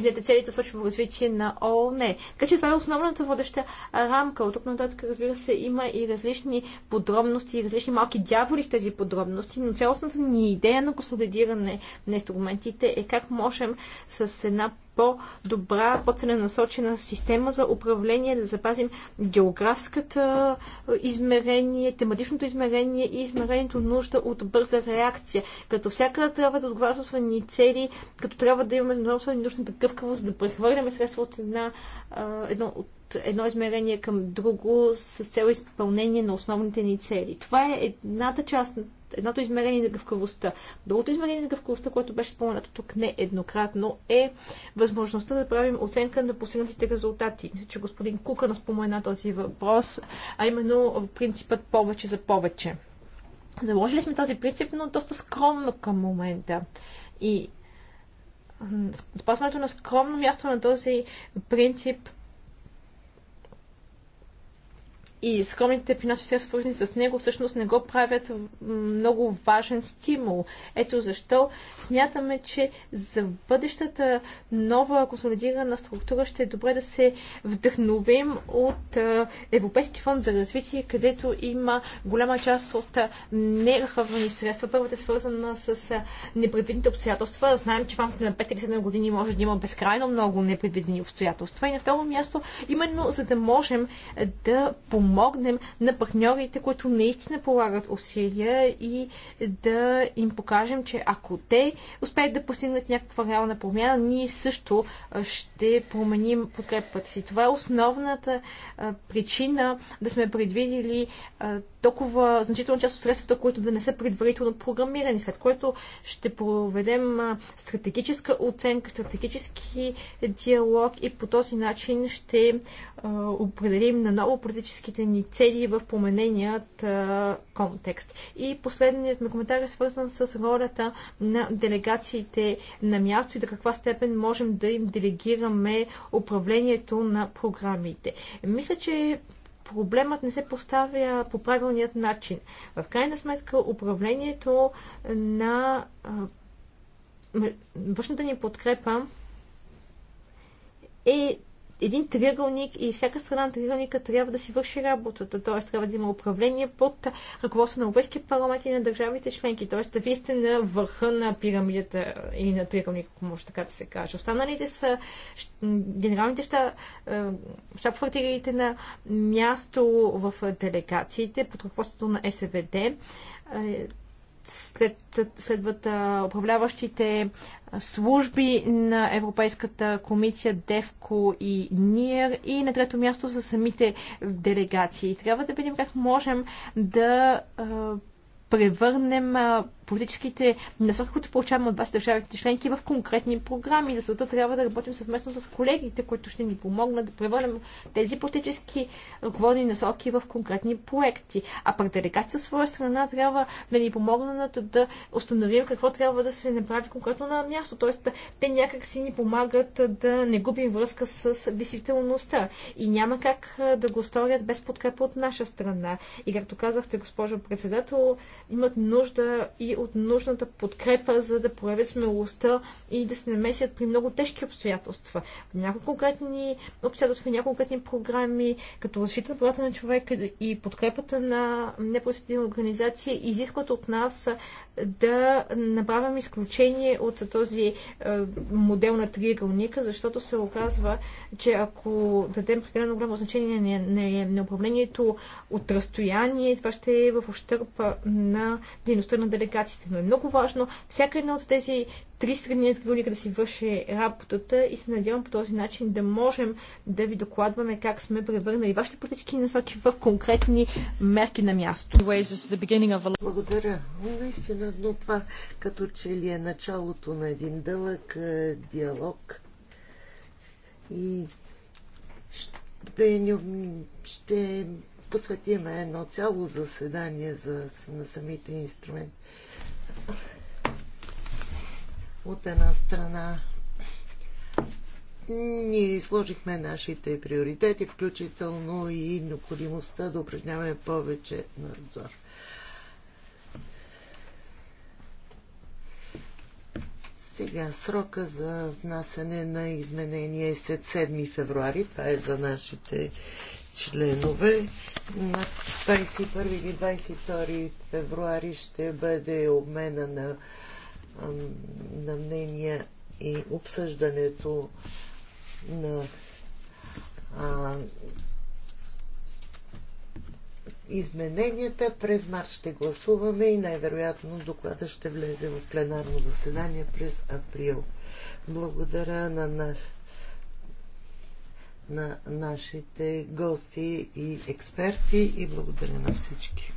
двете цели за сочово развитие на ООН. Така че това е основната водеща рамка. От тук нататък, разбира се, има и различни подробности, и различни малки дяволи в тези подробности, но цялостната ни идея на консолидиране на инструментите е как можем с една по-добра, по-целенасочена система за управление, да запазим географската измерение, тематичното измерение и измерението нужда от бърза реакция. Като всяка трябва да отговаря ни цели, като трябва да имаме международно да гъвкавост, да прехвърляме средства от една, едно, от едно измерение към друго с цел изпълнение на основните ни цели. Това е едната част, едното измерение на гъвкавостта. Другото измерение на гъвкавостта, което беше споменато тук не еднократно, е възможността да правим оценка на постигнатите резултати. Мисля, че господин Кукан спомена този въпрос, а именно принципът повече за повече. Заложили сме този принцип, но доста скромно към момента. И спазването на скромно място на този принцип и скромните финансови средства, свързани с него, всъщност не го правят много важен стимул. Ето защо смятаме, че за бъдещата нова консолидирана структура ще е добре да се вдъхновим от Европейски фонд за развитие, където има голяма част от неразходвани средства. Първата е свързана с непредвидните обстоятелства. Знаем, че в рамките на 5 7 години може да има безкрайно много непредвидени обстоятелства. И на второ място, именно за да можем да помогнем помогнем на партньорите, които наистина полагат усилия и да им покажем, че ако те успеят да постигнат някаква реална промяна, ние също ще променим подкрепата си. Това е основната причина да сме предвидили толкова значителна част от средствата, които да не са предварително програмирани, след което ще проведем стратегическа оценка, стратегически диалог и по този начин ще определим на ново политическите ни цели в промененият контекст. И последният ми коментар е свързан с ролята на делегациите на място и до каква степен можем да им делегираме управлението на програмите. Мисля, че проблемът не се поставя по правилният начин. В крайна сметка управлението на външната ни подкрепа е един триъгълник и всяка страна на триъгълника трябва да си върши работата. Т.е. трябва да има управление под ръководство на Европейския парламент и на държавите членки. Т.е. да вие сте на върха на пирамидата или на триъгълника, ако може така да се каже. Останалите са генералните щаб-квартирите на място в делегациите под ръководството на СВД след, следват а, управляващите служби на Европейската комисия, ДЕВКО и НИР и на трето място са самите делегации. Трябва да видим как можем да а, превърнем политическите насоки, които получаваме от вас, държавите членки, в конкретни програми. За целта трябва да работим съвместно с колегите, които ще ни помогнат да превърнем тези политически ръководни насоки в конкретни проекти. А пък делегация своя страна трябва да ни помогнат да установим какво трябва да се направи конкретно на място. Тоест, те някак си ни помагат да не губим връзка с действителността. И няма как да го сторят без подкрепа от наша страна. И както казахте, госпожо председател, имат нужда и от нужната подкрепа, за да проявят смелостта и да се намесят при много тежки обстоятелства. В няколко конкретни обстоятелства, в няколко конкретни програми, като защита на правата на човека и подкрепата на непосредствени организации, изискват от нас да набавям изключение от този е, модел на триъгълника, защото се оказва, че ако дадем прекалено голямо значение на, на, на управлението от разстояние, това ще е в ощърпа на на дейността на делегациите. Но е много важно всяка една от тези три страни на да си върши работата и се надявам по този начин да можем да ви докладваме как сме превърнали вашите политически насоки в конкретни мерки на място. Благодаря. Наистина, но това като че ли е началото на един дълъг е, диалог и ще, ще посветиме едно цяло заседание за, на самите инструменти. От една страна ние сложихме нашите приоритети, включително и необходимостта да упражняваме повече надзор. Сега срока за внасяне на изменения е след 7 февруари. Това е за нашите членове. На 21 или 22 февруари ще бъде обмена на, на мнения и обсъждането на а, измененията. През март ще гласуваме и най-вероятно доклада ще влезе в пленарно заседание през април. Благодаря на, на на нашите гости и експерти и благодаря на всички.